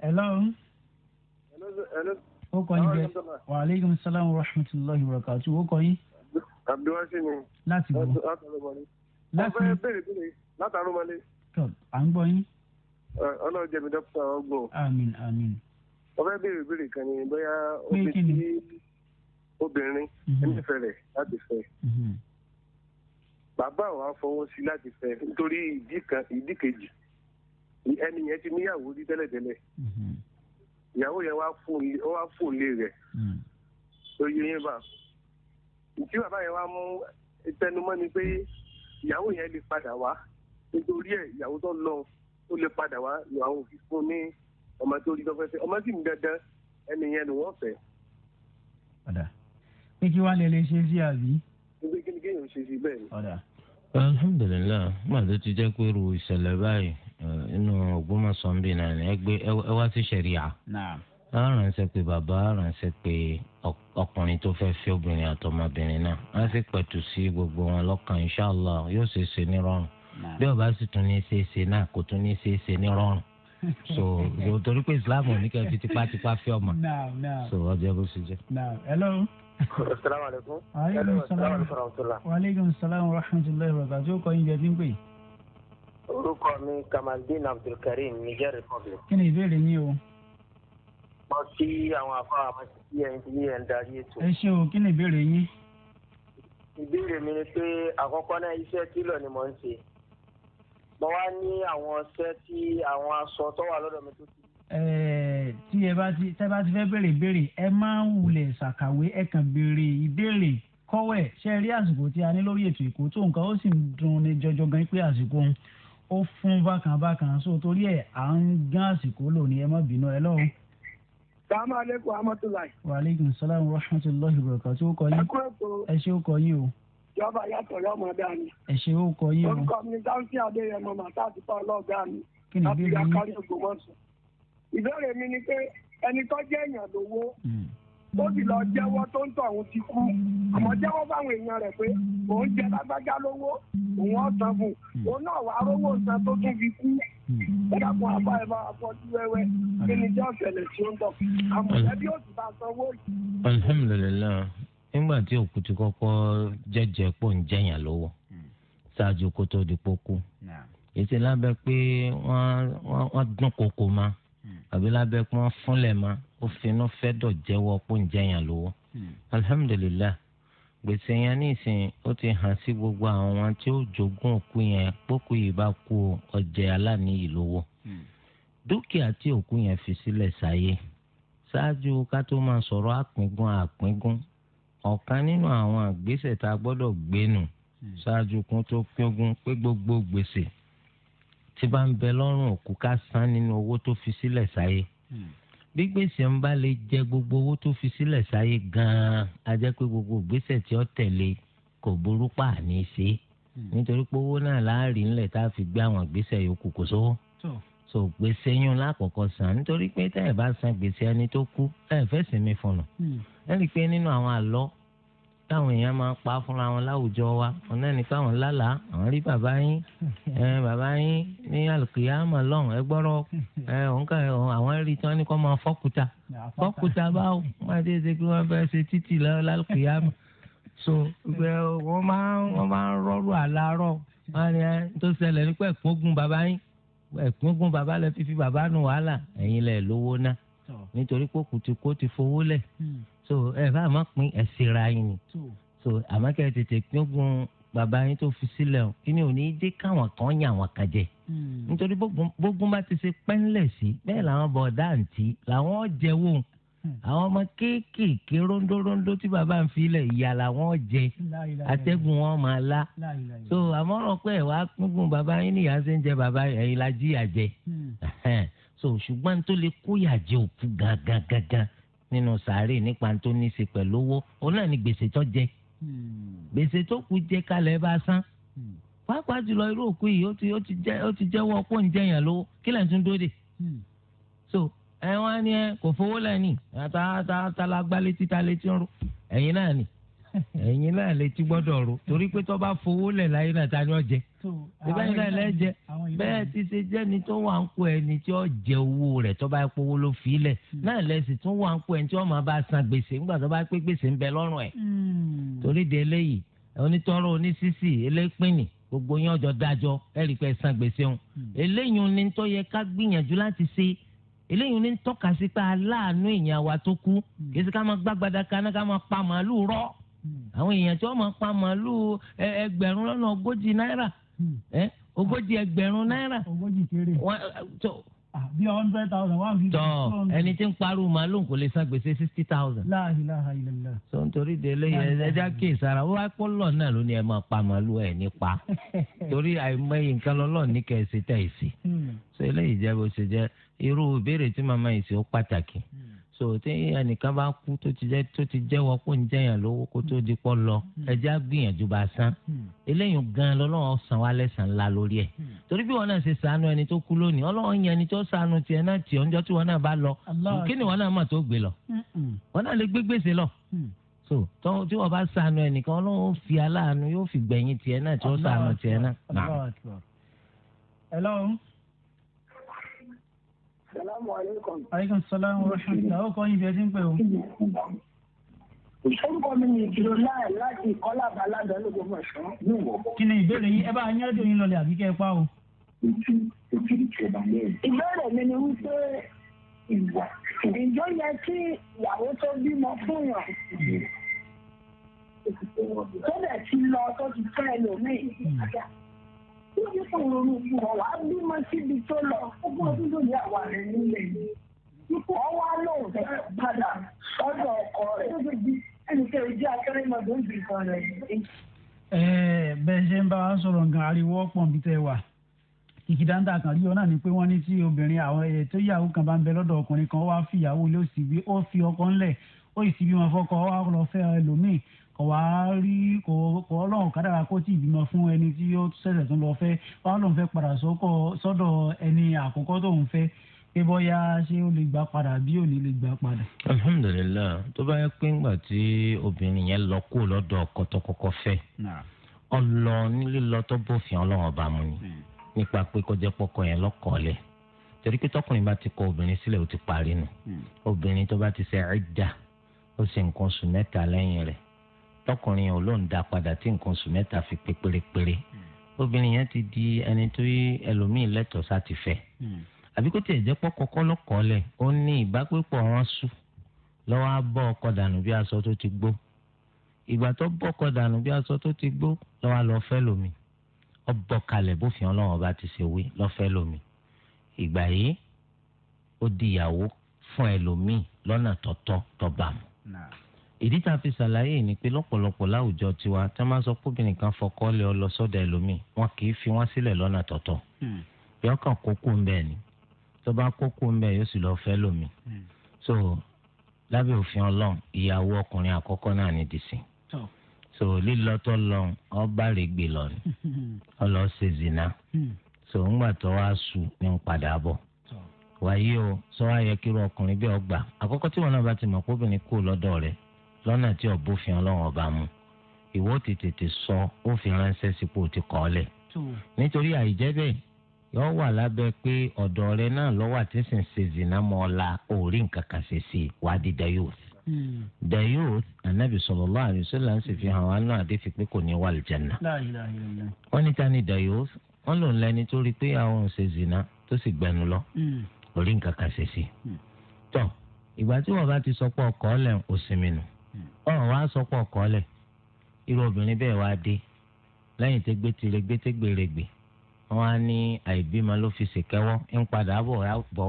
hello. hello. O kọ́ yín bẹ́ẹ̀ wa aleykum salaam wa rahmatulahi wa barakatu ó kọ́ yín. abdulwasi ni. láti bọ̀ láti bẹ̀rẹ̀ bẹ̀rẹ̀ látàrú mọ́lẹ̀. à ń gbọ́ yín. ọlọ́run jẹ́ mi dókítà ọgbọ̀n. àmín àmín. O fẹ́ bèrè bèrè kan ní bóyá obìnrin obìnrin mhm. ẹni fẹ́ rẹ̀ láti fẹ́ mhm. bàbá wa fọwọ́ sí láti fẹ́ nítorí ìdí kan ìdí kejì ẹni yẹn ti níyàwó rí tẹ́lẹ̀tẹ́lẹ̀ mm-hmm. ìyàwó yẹn wá fún ilé rẹ̀ tó mm. yé yín bá tí bàbá yẹn wá mú tẹnumọ́ ni pé ìyàwó yẹn lè padà wá nítorí ẹ̀ ìyàwó tó lọ ó lè padà wá lọ àwọn òfin fún ní ọmọ tó rí lọ́fẹ́ fẹ́ ọmọ sì ń dandan ẹni yẹn ni wọ́n fẹ́. ọ̀dà pé kí wàá lè lè ṣe sí àbí. pé kí ni kéèyàn ṣe sí bẹ́ẹ̀ ni. alhamdulilayi máa tó ti jẹ́ pé ru ìṣẹ̀lẹ̀ báyìí inú Ògbómọ̀ṣọ́ ń bì náà ni ẹ wá sí sẹ̀ríà á ránṣẹ́ pé bàbá á ránṣẹ́ pé ọkùnrin tó fẹ́ fi obìnrin àtọmọbìnrin náà á sì pẹ̀tù sí gbogbo wọn lọ́kàn inṣàlá yóò ṣe é ṣe ní rọrùn bí ó bá sì tún ní í ṣe é ṣe náà kò tún ní í ṣe é ṣe ní rọrùn so yóò torí pé islam ò ní kẹ́ fi tipátipá fi ọmọ so ọjọ́ bó ṣe jẹ́. hello. salaamaleykum. aleykum salaam wa rahmatulahi wa barakatuh. o kò ń jẹ bí n pè é orúkọ mi kamaldeen abdulkareem niger republic. kí ni ìbéèrè yín o. mo sí àwọn afáwà mo sì sí ẹni tí yẹn ń darí ètò. ẹ ṣé o kí ni ìbéèrè yín. ìbéèrè mi ni pé àkọ́kọ́ náà iṣẹ́ kílọ̀ ni mò ń ṣe mo wá ní àwọn ọṣẹ tí àwọn aṣọ tó wà lọ́dọ̀ mi tó ti. tí ẹ bá ti tẹ́ bá ti fẹ́ béèrè béèrè ẹ máa ń wulẹ̀ ṣàkàwé ẹ kàn béèrè ìbéèrè kọ́wẹ̀ ṣe rí àsìkò tí a ní lórí ètò ìkó tó nǹkan ó sì ń dùn ní jọjọ gan pé àsìkò ó fún bákan bákan so torí ẹ̀ à ń gán àsìkò lónìí ẹ má bínú ẹ lọ́wọ́. sàmú aleykum amátúláì. waaleykum salaam wa rahmatulahi wa barakatuh. ẹ kú ètò ẹ ṣé ó kọ yín o ìjọba yàtọ̀ yọmọ dáa ni. ẹ ṣe ó kọ yín o. orúkọ mi dáńsí adéyẹmọ màtá àti paul ọgá mi. kí ni ìbéèrè yín láti yàkárí ògbómọ̀ṣọ́. ìbéèrè mi ni pé ẹni jẹ́ èèyàn lówó hmm tó sì lọ jẹ́wọ́ tó ń tọ̀hún ti kú àmọ́ jẹ́wọ́ fáwọn èèyàn rẹ̀ pé òun jẹ lágbájá lówó òun ọ̀sán fún òun náà wàá rówó san tó tún fi kú ẹ̀dàkùn àbá ẹ̀ bá fọ́jú wẹ́wẹ́ kí ni jẹ́ ọ̀sẹ̀lẹ̀ tí ó ń tọ̀ àmọ̀lẹ́bí ò sì bá sanwó yìí. alhamdulilayi nígbà tí òkú ti kọ́kọ́ jẹ́jẹ́ pò ń jẹ̀yàn lówó ṣáájú kó di pókú èsì Hmm. àbí lábẹ́ pé wọ́n fúnlẹ̀ ma ó finú fẹ́ dọ̀ jẹ́wọ́ pé ń jẹyàn lówó. Hmm. alihamudulilayi gbèsè yẹn nísìnyí ó ti hàn sí gbogbo àwọn tí ó jogún òkú yẹn pókú yìí bá kú ọjẹ́ aláníyìí lówó. Hmm. dúkìá tí òkú yẹn fi sílẹ̀ sáyé ṣáájú ká tó máa sọ̀rọ̀ àpíngún àpíngún ọ̀kan nínú àwọn àgbésẹ̀ tá a gbọ́dọ̀ gbénu ṣáájú kún tó píngun pé gbogbo gbèsè tí bá ń bẹ lọ́rùn òkú ká san nínú owó tó fi sílẹ̀ sáyé hmm. bí gbèsè ń bá lè jẹ gbogbo owó tó fi sílẹ̀ sáyé gan-an a jẹ́ pé gbogbo ìgbésẹ̀ tí ó tẹ̀lé kò burú pa ní í ṣe hmm. nítorí pé owó náà láàrin ńlẹ̀ tá a fi gbé àwọn ìgbésẹ̀ yòókù kò sówó so gbèsè yín lákọ̀ọ́kọ́ san nítorí pé tẹ́ ẹ̀ bá san gbèsè ẹni tó kú ẹ̀ fẹ́ sinmi fún un hmm. pé nínú àwọn àlọ́ táwọn èèyàn máa pa fúnra wọn láwùjọ wa wọn náà ní káwọn lálàá àwọn rí bàbá yín bàbá yín ní àlùkìyámà lọ́hùn ẹ gbọ́rọ̀ òǹkà àwọn rí tí wọ́n ní kọ́ máa fọ́kúta fọ́kúta báwo wọ́n á dé ṣe kí wọ́n fẹ́ ṣe títì lálùkìyámà so wọ́n máa wọ́n máa rọ́rù àlárọ̀ wọ́n á ní tó ṣẹlẹ̀ nípa ẹ̀kúngún bàbá yín ẹ̀kúngún bàbá lẹ fífi bàbá nù wàhálà ẹ̀yin lẹ̀ lówó ná nítorí pé kùtìkó ti fowó lẹ̀ hmm so ẹ bá má pín ẹsẹ̀ ra yín ni so àmọ́ kẹ́ ẹ tètè pínpín bàbá yín tó fi sílẹ̀ o kí ni ò ní í dé káwọn kan yàn àwọn kan jẹ hmm. nítorí bógun bá ti ṣe pẹ́ńlẹ̀ sí bẹ́ẹ̀ làwọn bọ̀ dáǹtí làwọn jẹ́wọ́ hmm. àwọn ọmọ kéékèèké rondórondó tí bàbá ń filẹ̀ ìyá làwọn jẹ atẹ́gùn wọn máa la so àmọ́ràn pé ẹ̀wá pínpín bàbá yín ni ìyá ṣe ń jẹ bàbá ẹ̀yìn la jíyà jẹ hmm. so ṣùgbọ́n tó lè kóyà jẹ òkú gangan gangan nínú sàárè nípa tó ní í ṣe pẹ̀lú owó òun náà ni gbèsè tó jẹ hmm. gbèsè tó kù jẹ kalẹ̀ bá san hmm. pàápàá jùlọ irú òkú yìí ó ti ó ti jẹ ó ti jẹ́wọ́ pọ̀ ń jẹyàn lówó kí lẹ́yìn tún dóde. Hmm. so ẹ wá ní ẹ kò fowó lẹ́ni àtàlágbá létí ta létí ń ro ẹ̀yin náà ni ẹ̀yin náà létí gbọ́dọ̀ ro torí pé tó bá fowó lẹ̀ láyé náà ta ni ó jẹ bẹ́ẹ̀ náà lẹ́jẹ̀ bẹ́ẹ̀ ti ṣe jẹ́ ni tó wà ń kó ẹni tí ó jẹ owó rẹ̀ tó bá pọ̀ owó ló fi lẹ̀ hmm. náà lẹ́sìn tó wà ń kó ẹni tí ó máa bá san gbèsè ńgbà tó bá pé gbèsè ń bẹ lọ́rùn ẹ̀ hmm. torí de eléyìí onítọ́rọ̀ oníṣíṣì elépìnì gbogbo yín ọjọ́ dájọ́ ẹ̀rí pé san gbèsè ń hmm. eléyìí ni tó yẹ ká gbìyànjú láti ṣe eléyìí ni tọ́ka sí pé aláàánú èèyàn wa tó kú kì í sì ká máa gbàgbàdà kaná ká máa pa màálù rọ́ àwọn èèyàn tí wọ́n máa pa màálù ẹgbẹ̀rún lọ́nà ogójì náírà Hmm. Eh? ogójì ẹgbẹ̀rún náírà. ogójì kéré eh, ah, bí tọ ẹni tí ń pariwo kò lè san gbèsè sixty thousand. la ilaha illallah. sọ nítorí délé ẹja kì í sara ó á lọ náà ló ní ẹ máa pa màálù ẹ̀ nípa torí àìmọye nǹkan ní sọ hmm. eléyìí jẹ́ bó irú ìbéèrè tí màmá yìí pàtàkì. Hmm. so tí ẹnìkan bá kú tó ti jẹ́ tó ti jẹ́wọ́ kó ń jẹyàn lówó kó tó hmm. di pọ́ lọ hmm. ẹjẹ́ á gbìyànjú bá san hmm. eléyìí gan lọ́lọ́wọ́ san wa lẹ́sàn-án ńlá lórí ẹ̀ torí bí wọn náà ṣe sànú ẹni tó kú lónìí ọlọ́wọ́ yẹn ẹni tó sànú tiẹ̀ náà tiẹ̀ ọjọ́ tí wọn náà bá lọ kí ni wọn náà mà tó gbé lọ wọn náà lè gbé gbèsè lọ so tí wọn bá sànú ẹnìkan ọlọ́wọ́ fi aláàánú yóò fi gbẹ̀yìn tiẹ̀ náà tí ó sànú tiẹ̀ náà salaamaleykum. aleykum salaam wa rahmatulah o kọ́ yín bí ẹ ti ń pè o. orúkọ mi ni ìdúró láì láti kọ́lá balada lóògùn ọ̀ṣọ́ níwọ̀. kí ni ìbéèrè yín ẹ bá yín rédíò yín lọlẹ̀ àbí kẹ́ ẹ pa o. ìbéèrè mi ni wípé ìwà ìjọ yẹ kí ìyàwó tó bímọ fún yàn tó dẹ̀ ti lọ tó ti fẹ́ lòmíì tí ó yẹ kó ronú fún ọ wàá bímọ síbi tó lọ ogún ọdún ló ní àwa rẹ nílẹ̀ yìí ipò ọwọ́ alóhùn fẹ́ padà ọ̀dọ̀ ọkọ rẹ̀ tó fi di ẹnikẹ́ni jẹ́ akẹ́rẹ́mọdé ń bì kan rẹ̀ yìí. bẹ́ẹ̀ ṣe ń bá wa sọ̀rọ̀ nǹkan ariwo ọ̀pọ̀ níbi tẹ́ wà ìkìdáńtà kan rí ọ náà ni pé wọ́n ní tí obìnrin àwọn ẹ̀yẹ tó yàwó kan bá ń bẹ lọ́dọ̀ ọkùnrin kan wá fìyàwó lé ó sì fi ọkọ ńlẹ̀ ó sì bímọ fọ́kọ wá lọ fẹ́ ẹlòmíì kò wá rí kò kò ọlọ́run kádàrá kó tí ìbímọ fún ẹni tí ó ṣẹ̀ṣẹ̀ tún lọ fẹ́ wá lóun fẹ́ padà sọ́dọ̀ ẹni àkọ́kọ́ tóun fẹ́ pé bóyá ṣé ó lè gbà padà bí ò ní lè gbà padà. alhamdulilayi tó bá yẹ pé ńgbà tí obìnrin yẹn lọ kó lọ́dọ̀ ọkọ fẹ́ ọlọ nílé tó bófin ọlọ́run ọba mu ni hmm. nípa pé kọjá pọkọ yẹn lọ́kọ̀ọ́lẹ̀ torí pé tọkùnrin bá ti kọ obìnrin sílẹ̀ ó ti parí nù hmm. obìnrin tó bá ti ṣe ẹ̀dá ó sì nǹkan oṣù mẹ́ta lẹ́yìn rẹ̀ tọkùnrin ò lóun dá padà tí nǹkan oṣù mẹ́ta fi pé pérépéré hmm. obìnrin yẹn ti di ẹni tó yí ẹlòmíín lẹ́tọ̀ọ́ sá ti fẹ́ hmm. àbí kó tiẹ̀ jẹ́ pọ́ kọ́kọ́ lọ́kọ́ọ́lẹ̀ ó ní ìbápẹ́pọ̀ wọn sùn lọ́wọ́ á bọ́ ọkọ dànù bí aṣọ tó ti gbó ìgbà tó bọ́ ọkọ dànù bí aṣọ tó ti gbó lọ́wọ́ á lọ fẹ́ lómi ọ bọ́ kalẹ̀ bófin ọlọ́wọ́n bá ti ṣe wé lọ́fẹ́ lómi ìgbà yìí ó di ìyàwó fún ẹlòmíín lọ́nà tọ́tọ́ tọ́ba mu. Nah ìdí tá a fi ṣàlàyé ni pé lọ́pọ̀lọpọ̀ láwùjọ tiwa tí wọ́n máa sọ pé obìnrin kan fọkọ́ lé ọ lọ sọ́dọ̀ ẹlòmíì wọn kì í fi wọ́n sílẹ̀ lọ́nà tọ̀tọ̀ hmm. yóò kàn kókó ń bẹ́ẹ̀ ni tó bá kókó ń bẹ́ẹ̀ yóò sì lọ́ọ́ fẹ́ lómi hmm. so lábẹ́ òfin ọlọ́run ìyàwó ọkùnrin àkọ́kọ́ náà ni dìsìn so lílọ tó lọ ọba rè gbé lọ ni hmm. ọlọ ṣe zina so ńgbà tó wá sùn ní padà bọ̀ wàyí o sọ wá yẹ kí lọ́nà tí ọ̀bù fi ọlọ́run ọba mu ìwọ ti tètè sọ ó fi ránṣẹ́ sípò ti kọ́ ọ lẹ̀. nítorí àìjẹ́ bẹ́ẹ̀ yọ wà lábẹ́ pé ọ̀dọ̀ rẹ náà lọ́wọ́ àti sìn ṣe zìnnà mọ́ ọ̀la òórí nǹkan kan ṣe sí i wàá di dayuth. dayuth hmm. anabi sallallahu alaihi wasallam sì fi hàn wá náà àdé fi pé kò ní wà lìjànà. wọ́n ní ta ni dayuth wọ́n lòun lẹni tó rí pé àwọn ò ṣe zìnnà tó sì gbẹnu lọ hmm. òórí nǹkan kan ṣe sí i. Hmm. tọ́ ìgbà tí wọ́n bá ti sọ pé ọkọ̀ ọ̀lẹ̀ òsìmìnù ọ̀hún wá sọ pọ̀ kọ́lẹ̀ irú obìnrin bẹ́ẹ̀ wá dé lẹ́yìn tó gbé tirẹ̀ gbé tó gbèrègbè wọ́n á ní àìbímọ ló fi ṣèkẹ́wọ́ ń padà bọ̀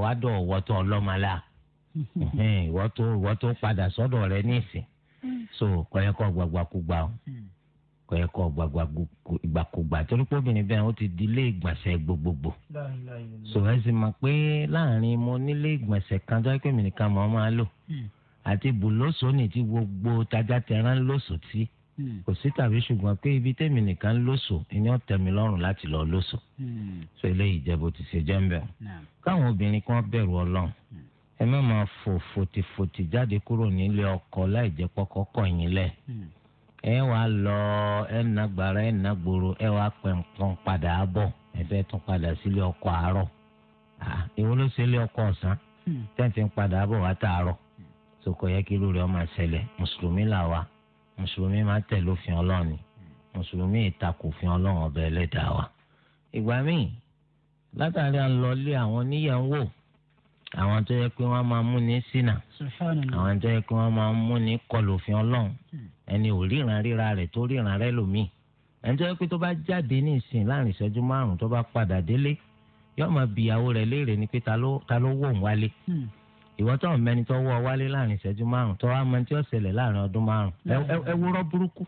wá dọ̀ ọ̀wọ́ tó ọlọ́mọlá ìwọ́ tó ìwọ́ tó padà sọ́dọ̀ rẹ nísìn so kọ̀yẹ́ kọ́ gbàgbàkúgbà o kọ̀yẹ́ kọ́ gbàgbàkúgbà torí pé obìnrin bẹ́ẹ̀ ó ti di ilé ìgbọ̀nsẹ̀ gbogbogbò so ẹ sì mọ̀ pé láàrin mo nílé ìgbọ̀nsẹ̀ kan tó ẹ pé mi nìkan mọ̀ ọ́ máa lò àti bùlọ́sọ̀nì tí gbogbo tajà tẹran lóṣù tí hmm. kò sí tàbí ṣùgbọ́n pé ibi tẹ̀mí nìkan lóṣù ìní ọ̀tẹ̀mí lọ́rùn láti lọ lóṣù hmm. so eléyìí jẹ́ bó ti ṣe jẹ́ ń bẹ̀. káwọn obìnrin kan bẹ̀rù ọlọ́run hmm. ẹ má máa fò fòtìfòtì jáde kúrò nílé ọkọ láì jẹ́ pọ́kọ́ kọ̀ yín lẹ̀ ẹ wàá lọ ẹ nà gbàrà ẹ nà gbòòrò ẹ wàá pẹ̀npọ̀n padà bọ̀ ẹ fẹ́ tún padà sílé ọkọ àárọ̀ ìwọ ló ṣe ilé ọkọ ọ̀sán tẹ́ǹtì ń padà bọ̀ wá tààrọ̀ so kò yẹ kí irú rẹ̀ máa ṣẹlẹ̀ mùsùlùmí là wa mùsùlùmí máa tẹ̀lé òfin ọlọ́run ni mùsùlùmí ìtakò òfin ọlọ́run ọbẹ̀ ẹlẹ́dàá wa. ìgbà míì látàrí à ń lọ lé àwọn oníyàwó àwọn tó yẹ pé wọ́n máa mú ní ṣìnà àwọn tó yẹ pé wọ́n máa mú ní kọlù òfin ọlọ́run ẹni ò ríran ríra rẹ̀ tó ríran rẹ̀ lòmíì ẹni tó yẹ pé tó bá jáde ní ìsìn láàrin ìṣẹ́jú márùn-ún tó bá padà délé yóò ni pé ta ló ìwọ tó ń mẹni tó wọ wálé láàrin ìṣẹ́jú márùn tó wá mẹni tí ó ṣẹlẹ̀ láàrin ọdún márùn ẹ wúrọ́ burúkú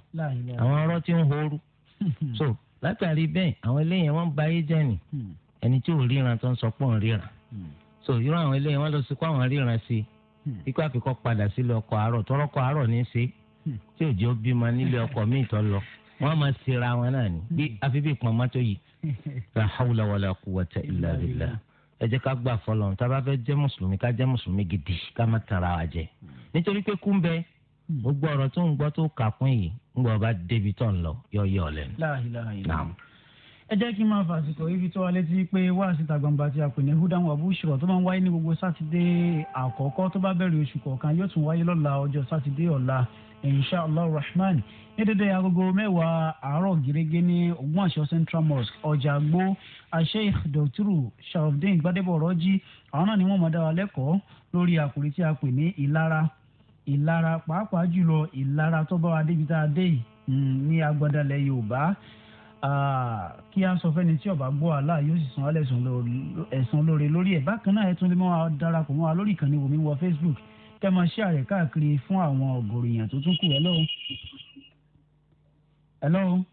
àwọn ọ̀rọ̀ tí ń horú hmm. so látàrí bẹ́ẹ̀ àwọn eléyìí wọ́n ń ba ayé jẹ́ nì hmm. ẹni tí ò ríran tó ń sọ pé òun ríran hmm. so irú àwọn eléyìí wọ́n lọ sí kó àwọn ríran sí i kíkọ́ àfikọ́ padà sílé ọkọ̀ àárọ̀ tọ́rọ́kọ̀ àárọ̀ ní í ṣe tí òjò bímọ nílé ọkọ̀ míì tó lọ wọ́n máa ṣera wọn náà ni bí àfi bí pọ̀nmọ́tò yìí la hawla wala quwwata ẹ jẹ́ ká gbà fọlọ tá a bá fẹ́ jẹ́ mùsùlùmí ká jẹ́ mùsùlùmí gidi ká má tara wa jẹ nítorí pé kú ń bẹ gbogbo ọ̀rọ̀ tó ń gbọ́ tó kà fún yìí ń gbọ́ bá débi tó ń lọ yọ yọ lẹ́nu. ẹ jẹ́ kí n máa fàṣìkò ibi tó wá létí pé wáàsí ta gbangba tí a pè ní húdà wà búṣùrọ̀ tó máa ń wáyé ní gbogbo sátidé àkọ́kọ́ tó bá bẹ̀rẹ̀ oṣù kọ̀ọ̀kan yóò tún wáyé lọ́la ọjọ́ sátidé ọ̀la inshallah rahman ní dédé agogo mẹ́wàá àárọ̀ gẹ́gẹ́ ní ogunwàṣọ central mosque ọjà gbó asheikh dọ̀tírù sharafdin gbadebo rọ́jí àwọn náà ni wọ́n máa dá wa lẹ́kọ̀ọ́ lórí àkòrí tí a pè ní ìlara ìlara pàápàá jùlọ ìlara tó bá wa débi tá a dé yìí hmm, ní agbọ́dálẹ̀ yorùbá kí a sọ fẹ́ni tí ọba gbọ́ àlá yóò sì san alẹ́ ẹ̀sán lóore lórí ẹ̀ bákan náà ẹ tún lè máa darapọ̀ mọ́ wa lórí ìkànnì wòmí wọ facebook kẹ́ máa ṣe àrẹ̀ káàkiri fún àwọn ọ̀gọ̀rìyàn tó tún kù ẹ́ lọ́wọ́ hello.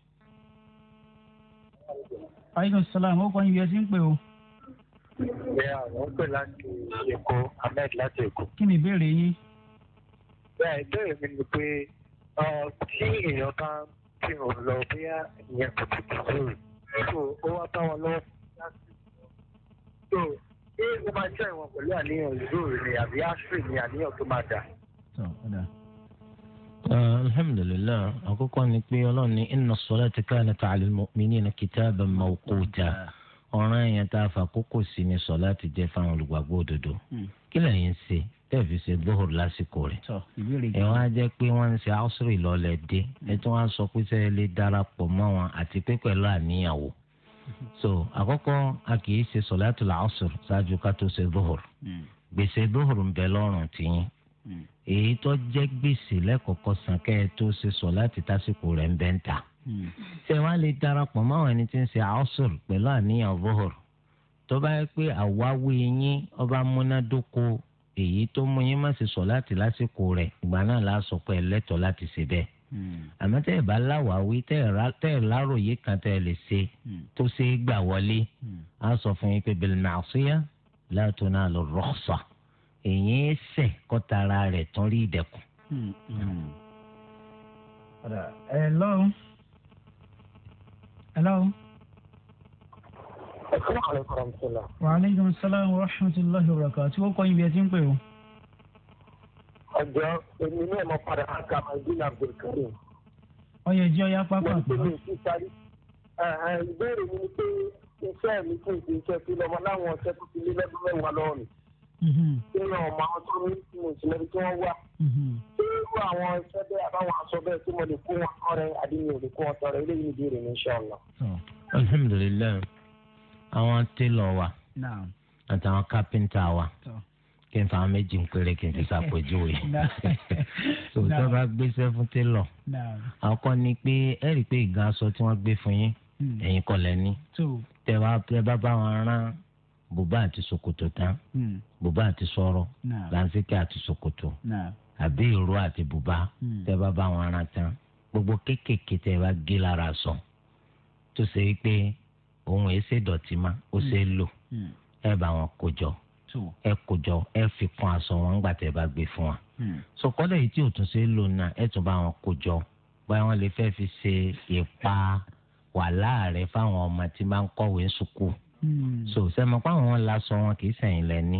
aleykum salaam ó kọ́ yín bí ẹ ti ń pè o. ìyá àwọn pè láti èkó ahmed láti èkó. kí ni ìbéèrè yín. bẹ́ẹ̀ ìbéèrè mi ni pé tí èèyàn bá ń kírun lọ bóyá ìyẹn kò tètè sóòrè so ó wá bá wọn lọ́wọ́ láti so ṣé ó máa jẹ́ ìwọ̀n pẹ̀lú àníyàn zoro ni àbí asiri ni àníyàn tó máa dà alhamdulilayi àkọ́kọ́ ni pé Ọlọ́run ní inna as-salata kanat 'ala al-mu'minina kitaban mawquta ọ̀ràn yẹn tá a fà kókò sí ni sọlá ti jẹ́ fáwọn olùgbàgbọ́ òdodo kí lẹ́yìn ṣe tẹ́ẹ̀fì ṣe gbóhùrù lásìkò rẹ̀ ẹ̀ wọ́n á jẹ́ pé wọ́n ń ṣe áùsírì lọ́lẹ̀ dé ẹ̀ tí wọ́n á sọ pé sẹ́yìn lè darapọ̀ mọ́ wọn àti pé pẹ̀lú àníyàwó so àkọ́kọ́ a kì í ṣe sọlá tó làásùr ṣáájú ká tó ṣe gbóhùrù gbèsè gbóhùrù ń bẹ lọ́rùn tìyín èyí tó jẹ́ gbèsè lẹ́kọ̀ọ́kọ́ san kẹ́ ẹ tó ṣe sọ láti tásìkò rẹ̀ ń bẹ́ ń ta. Hmm. ṣé wàá lè darapọ̀ máwọn ẹni tí ń ṣe àọ́sùr pẹ̀lú àníyàn vóhùr tó bá yẹ pé àwáwí yín ọba múnádóko èyí tó mú yín má ṣe sọ láti lásìkò rẹ̀ ìgbà náà la sọ pé ẹlẹ́tọ̀ọ́ láti ṣe bẹ́ẹ̀. Hmm. àmọ́ tẹ́ ẹ̀ bá láwàáwí tẹ́ ẹ̀ láròyé kan tẹ́ ẹ lè ṣe hmm. tó ṣe é gbà wọlé á sọ fún yín pé bil ma'siyah èyí ṣẹ̀ kọ́tara rẹ̀ tán rí ìdẹ̀kùn. Hmm, hmm. Hmm. hello hello. wa aleykum salaam wa rahmatulahi wa barakatuh tí wọ́n kọ́ ibi ẹ ti ń o. ọjọ́ èmi náà mo padà á ka mandina abdulkareem. ọyọ ìjọ ya pápá. ìbéèrè mi ni pé iṣẹ́ mi kò sí iṣẹ́ sí lọ́mọ láwọn ọ̀sẹ̀ tó ti lé lọ́dún mẹ́wàá lọ́rùn ṣé mm-hmm. ọmọ àwọn tó ní tí mo tí wọn wá ṣé mm-hmm. irú àwọn iṣẹ́ bẹ́ẹ̀ àbáwọn aṣọ bẹ́ẹ̀ tí mo lè kó wọn tọrẹ àbí mi kó wọn tọrẹ eléyìí ni ìbéèrè mi ṣe ọ̀nà. Oh. alhamdulilayi àwọn télọ̀ wa àtàwọn kápẹ́ńtà wa oh. kí n fa àwọn méjì ń péré kí n ti ṣàpèjúwe tòótọ́ bá gbéṣẹ́ fún télọ̀ àkọ́ ni pé ẹ rí i pé ìgbà aṣọ tí wọ́n gbé fún yín hmm. ẹ̀yin kọ́ lẹ́ni tẹ bá bá wọn rán bùbá àti ṣòkòtò tán hmm. bùbá àti sọ̀rọ̀ làǹsíkì àti ṣòkòtò àbí ìró àti bùbá hmm. tẹ bá bá wọn ara tán gbogbo kéékèèké tẹ bá gé lára sọ tó ṣe é pé òun èé ṣe dọ̀tí má ó ṣe é hmm. lò ẹ bá wọn kó jọ ẹ kó ẹ fi kún aṣọ wọn ńgbà tẹ bá gbé fún wa sọkọ́lẹ̀ yìí tí ò tún ṣe lò náà ẹ tún bá wọn kó jọ wọn lè fẹ́ fi ṣe ìpa wàhálà rẹ fáwọn ọmọ tí máa ń kọ̀wé ń Hmm. so sẹ́mi pa àwọn lasọ wọn kì í sẹ̀yìn lẹ́ni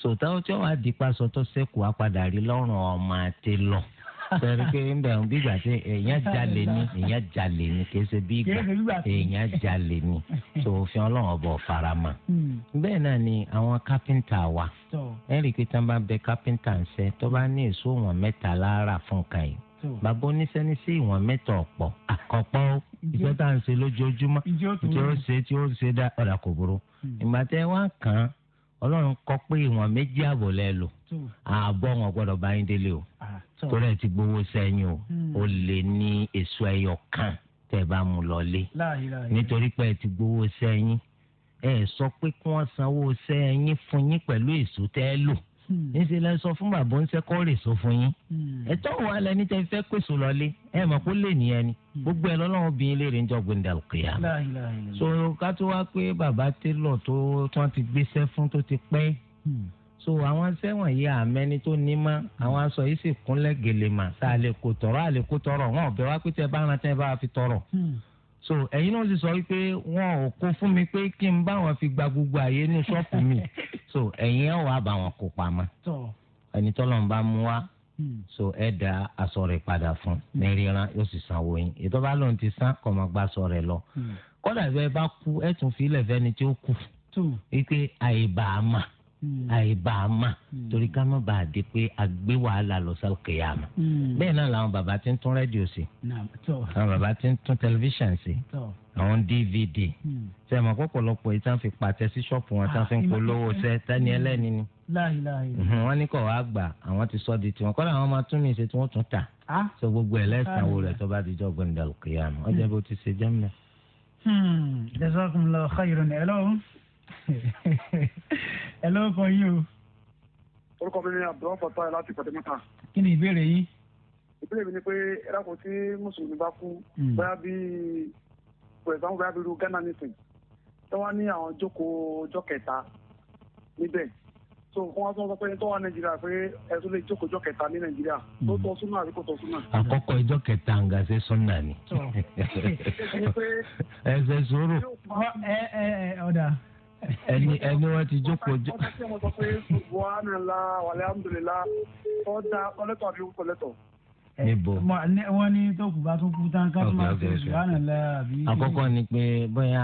so táwọn tí wọ́n á di paṣọ tó sẹ́kù apàdà rí lọ́rùn ọmọ àti lọ sẹ́ni pé ń bẹ̀rù bí ìgbà tí èèyàn jalè ni èèyàn jalè ni kì í ṣe bí ìgbà èèyàn jalè ni so òfin ọlọ́run ọbọ̀ farama hmm. bẹ́ẹ̀ náà ni àwọn kápẹ́ńtà wa ẹ̀rí pé tí wọ́n bá bẹ kápẹ́ńtà ń sẹ́ tó bá ní èso wọn mẹ́ta lára fún kan yìí bàbá oníṣẹ́ ní sí ìwọ̀n mẹ́ta ọ̀pọ̀ àkọ́pọ́ ìjọ tá à ń ṣe lójoojúmọ́ tí ó ṣe tí ó ṣe dá ọ̀dà kò burú hmm. ìgbà tẹ́ wá kàn án ọlọ́run kọ pé ìwọ̀n méjì ààbọ̀ lẹ ààbọ̀ wọn gbọ́dọ̀ bá yín délé o torí ẹ̀ ti gbowó sẹ́yìn o ó hmm. lè ní èso ẹyọ kan tẹ́ ẹ bá mú lọlé nítorí pé ẹ ti gbowó sẹ́yìn ẹ sọ pé kí wọ́n sanwó sẹ́yìn fún yín pẹ̀lú èso tẹ́ ẹ lò. Hmm. níṣẹ́ lẹ sọ fún bàbá ń sẹ́kọ́ rè sọ fún yín hmm. ẹ̀tọ́ wà lẹni tẹ́ fẹ́ pèsè lọ́lé ẹ̀ mọ̀ kó lè nìyẹn ni hmm. gbogbo ẹ̀ lọ́lọ́run bí ilé rẹ̀ ń jọ gbẹ̀ndàlù so ká tó wá pé bàbá télọ̀ tó tán ti gbéṣẹ́ fún tó ti pẹ́ so àwọn sẹ́wọ̀n yìí àmẹ́ni tó ní mọ́ àwọn aṣọ yìí sì kúnlẹ̀ gèlè mà tá a lè kó tọ̀rọ̀ a wọn ò bẹ wá pé tẹ bá rántẹ́ bá fi tọ̀rọ̀ so ẹ̀yin náà sì sọ wípé wọn ò kó fún mi pé kí n bá wọn fi gba gbogbo àyè ní ṣọ́ọ̀pù mi so ẹ̀yin ẹ̀ wàá bá wọn kó pamọ́ ẹni tọ́lọ̀ ń bá mú wá hmm. so ẹ da aṣọ rẹ̀ padà fún ní ríran yóò sì sanwó yín ètò bá lóun ti san kọ́ máa gba aṣọ rẹ̀ lọ hmm. kódà bẹ́ẹ̀ bá kú ẹ̀ tún fi ilẹ̀ fẹ́ni tí ó kù wípé àyè bàá mà. Hmm. àìbàámà hmm. torí ká má bàa di pé a gbé wàhálà lọ sọ kéyàmà hmm. bẹ́ẹ̀ náà làwọn bàbá ti ń tún rédíò sí àwọn bàbá ti ń tún tẹlifíṣàn sí àwọn dvd sẹ́mi ọ̀pọ̀lọpọ̀ yìí tá a fi pàtẹ sí ṣọ́ọ̀pù wọn tá a fi ń ah, polówó sẹ́ tẹ́ni ẹlẹ́ni ni wọ́n ní kọ̀ wá gbà àwọn ti sọ di tiwọn kọ́lá àwọn máa tún ní ìṣe tí wọ́n tún tà ah. sọ gbogbo ẹ̀ lẹ́sàn-án wo rẹ̀ tó bá dijọ́ gbẹ̀ndàlùkìyàmù ọjọ́ bó ti ṣe jẹ́ mi ẹ ló kọ yín o. orúkọ mi ni abdul fatah láti pàtẹ́mọ́tà. kí ni ìbéèrè yín. ìbéèrè mi ni pé ẹ̀rọ tí mùsùlùmí bá kú hmm. bóyá bíi for example bóyá bíi irú ghana nation tí wọ́n ní àwọn jókòó ọjọ́ kẹta níbẹ̀ so fún wa sọ pé tó wà nàìjíríà pé ẹtún lè jókòó ọjọ́ kẹta ní nàìjíríà tó hmm. tọ́ súnà àbí kò tọ́ súnà. àkọ́kọ́ ọjọ́ kẹta ń ga ṣe súnà ni. ẹ ṣe sùúrù. ọ̀dà ẹni ẹni wọn ti jókòó. ọkọ tí mo sọ pé wàhánà ńlá wàlẹ́ àmúdùlẹ̀ lá ọ̀dà ọlẹ́tọ̀ àbí kò níbo. wọ́n ní tókù bá tún kú tán ká tún máa ṣe ìbáná lára àbí. àkọ́kọ́ ni pé bóyá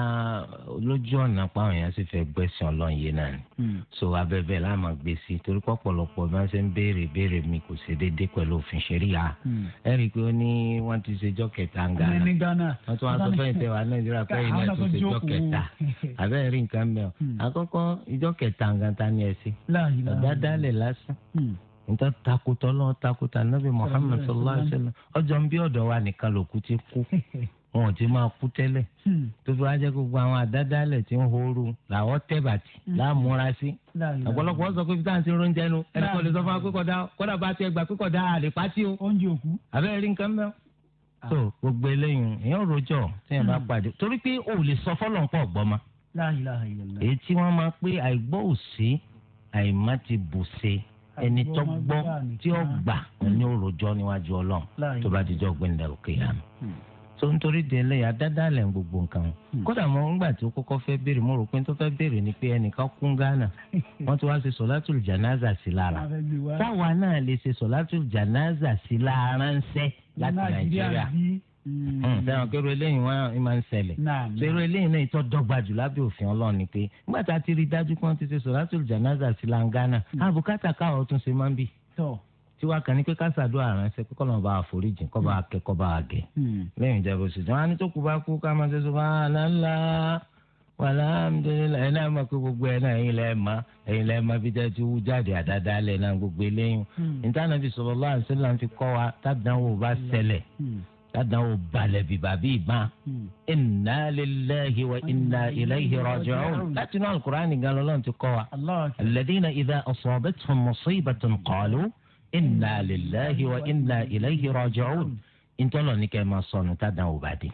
lójú ọ̀nà páwọn èèyàn sì fẹ́ gbẹ̀sán ọlọ́run yìí náà ni. Hmm. so abẹ́bẹ́ la máa gbé sí torí pọ̀pọ̀lọpọ̀ bá ṣe ń béèrè béèrè mi kò ṣe déédéé pẹ̀lú òfin ṣẹ̀ríà. Hmm. ẹ rí i pé ó ní wọ́n ti ṣe jọ́ kẹta ń Ghana wọ́n tún wá sọ fẹ́yìn tẹ̀ wá Nàìjíríà pé ìyẹn tún ṣe jọ́ kẹta àbẹ́ rí nǹkan mẹ́ ọ. Hmm. àkọ́kọ́ ìjọ́ kẹta ń gan ta ni ẹ ṣe. ọ̀dá dálẹ̀ lásán níta takotọ lọ takotọ anabi muhammed sallallahu alayhi wa sallam ọjọ́ ń bí ọ̀dọ̀ wa nìkan lòkú ti kú wọn ò ti máa kú tẹ́lẹ̀ hmm. tó fi wá jẹ́ gbogbo àwọn àdádálẹ̀ tí ń horú làwọn tẹ́bàtì hmm. láàmúra sí ọ̀pọ̀lọpọ̀ sọ pé fitamin ti ń ronjẹ nu ẹni kò lè sọ fún wa kókòdá kódà bá tiẹ̀ gbà kókòdá àlè o oúnjẹ òkú abẹ́rẹ́ rí nǹkan mẹ́wọ́. tó ah. gbogbo eléyìí èèyàn rojọ́ tí èèyàn bá hmm. pàdé torí pé o ò lè sọ fọ́lọ́n pọ̀ gbọ́ ma èyí tí wọ́n máa pé àìgbọ́ òsè àìmá ti bù ẹni tó gbọ́ tí ó gbà ní òròjọ́ níwájú ọlọ́run tó bá dijọ́ gbẹ̀ndẹ̀ òkè àmì hmm. tó ń torí de ẹlẹ́yà dáadáa lẹ̀ ń gbogbo nǹkan hmm. kódà mo ń gbà tí ó kọ́kọ́ fẹ́ béèrè mo rò pé tó fẹ́ béèrè ni pé ẹnìkan kún Ghana wọ́n ti wá ṣe sọ̀látùl jànáza sí lára táwa náà lè ṣe sọ̀látùl jànáza sí lára ńṣẹ́ láti Nàìjíríà sẹ́wọ̀n hmm. kẹ́rù hmm, eléyìí wọ́n máa ń ṣẹlẹ̀ kẹ́rù eléyìí náà ìtọ́ dọ́gba jù lábẹ́ òfin ọlọ́run ni pé nígbà tá a ti rí dájú pé wọ́n ti ṣe sọ̀rọ̀tò jànáza sí langana àbùkátà hmm. káwọn tún ṣe máa ń bì tiwa kan ní pé ká ṣàdúrà ránṣẹ́ pé kọ́nà bá a foríjìn kọ́ bá a kẹ́ kọ́ bá a gẹ̀ lẹ́yìn ìjàbọ̀ ṣùgbọ́n a ní tó kú bá kú ká máa ṣe sọ fún aláǹlá alhamdulilayi ẹnna ma ko gbogbo ẹnna kada o balẹ̀ bíbá bí ìbọn inna lillahi wa inna ilayhi raji'un láti inú alukur'an gan lọ́lọ́run ti kọ́ wa alladhina idha asabatuhum musibatun qalu inna hmm. lillahi wa hmm. inna ilayhi raji'un hmm. ntọ́lọ̀ ní kẹ́ máa sọnù kada o bá dé.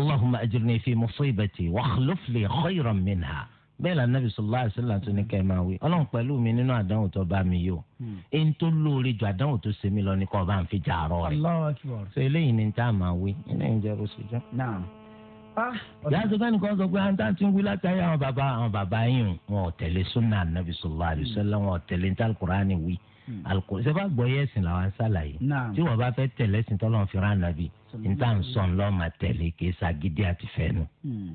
allahumma ajirni fi musibati wa akhlif li khayran minha bẹ́ẹ̀ la nàbì sọlá àṣìlá tó ní kẹ́ẹ̀ máa wí ọlọ́run pẹ̀lú mi nínú àdánwò tó bá mi yìí o èyí tó lóore ju àdánwò tó ṣe mí lọ ní kọ́ bá ń fi jà àárọ̀ rẹ̀ ṣe eléyìí ni tá a máa wí iná ìjẹ́ bó ṣe jẹ́. yàrá tó fẹ́ni kan sọ pé àwọn táwọn ti ń wí látàrí àwọn bàbá àwọn bàbá yìí wọn ò tẹ̀lé súnà nàbì sọlá àṣìlá wọn ò tẹ̀lé ní alukurani wí hmm. alukurani sẹ́fà gbọ́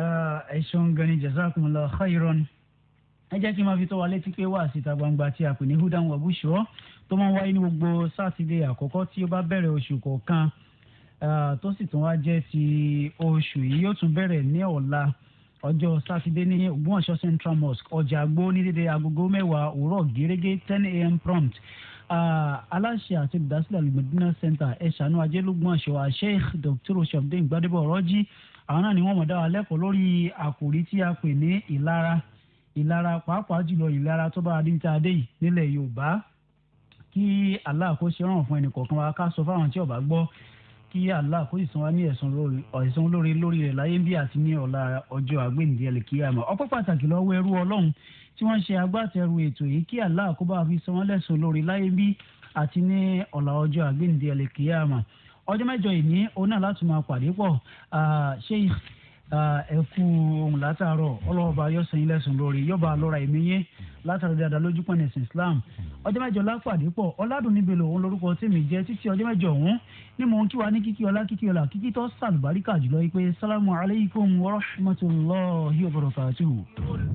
Eh, ẹ ṣeun gan ni jazakumullahu khairan ẹ jẹ́ kí n máa fi tó wa létí pé wá síta gbangba tí a pè ní hudan wa bushra tó máa ń wáyé ní gbogbo sátidé àkọ́kọ́ tí ó bá bẹ̀rẹ̀ oṣù kọ̀ọ̀kan eh, tó sì tún wá jẹ́ ti oṣù yìí yóò tún bẹ̀rẹ̀ ní ọ̀la ọjọ́ sátidé ní Ògbómọ̀ṣọ́ Central Mosque ọjà àgbo ní dédé agogo mẹ́wàá òwúrọ̀ gẹ́gẹ́ ten a.m. prompt eh, aláṣẹ àti olùdásílẹ̀ alimọ̀dínà center ẹ̀ṣánú ajẹ́lógún àṣọ Sheikh Dr. Shamdeen Gbadebo ọ̀rọ̀jì àwọn náà ni wọ́n mọ̀ dá wa lẹ́kọ̀ọ́ lórí àkòrí tí a pè ní ìlara ìlara pàápàá jùlọ ìlara tó bá adé níta adé yìí nílẹ̀ Yorùbá kí Allah kó ṣe ràn fún ẹnìkọ̀ọ̀kan wa ká sọ fáwọn tí ó bá gbọ́ kí Allah kó sì san wá ní ẹ̀san lórí lórí rẹ̀ láyé bí àti ní ọ̀la ọjọ́ àgbéǹde ẹlẹ́kíyàmọ́ ọpẹ́ pàtàkì lọ́wọ́ ẹrú Ọlọ́run tí wọ́n ṣe agbátẹrù ètò yìí kí Allah bá fi san wọ́n lórí láyé bí àti ní ọ̀la ọjọ́ àgbéǹde ẹlẹ́kíyàmọ́ ọjọ́ mẹ́jọ ìní òun náà láti máa pàdé pọ̀ ṣé ẹ kú ohun látàárọ̀ ọlọ́ọ̀bá yóò sẹ́yìn lẹ́sùn lórí yóò bá lọ́ra ẹ̀mí yé látàrí dáadáa lójú pọ̀ nẹ̀sìn Islam ọjọ́ mẹ́jọ lápàdé pọ̀ ọ̀làdùn níbi lòun lórúkọ tèmi jẹ́ títí ọjọ́ mẹ́jọ ọ̀hún ni mò ń kí wa ní kíkí ọlá kíkí ọlá kíkí tó sàlùbáríkà jùlọ yìí pé sálámù aleykum wa rahmatulahi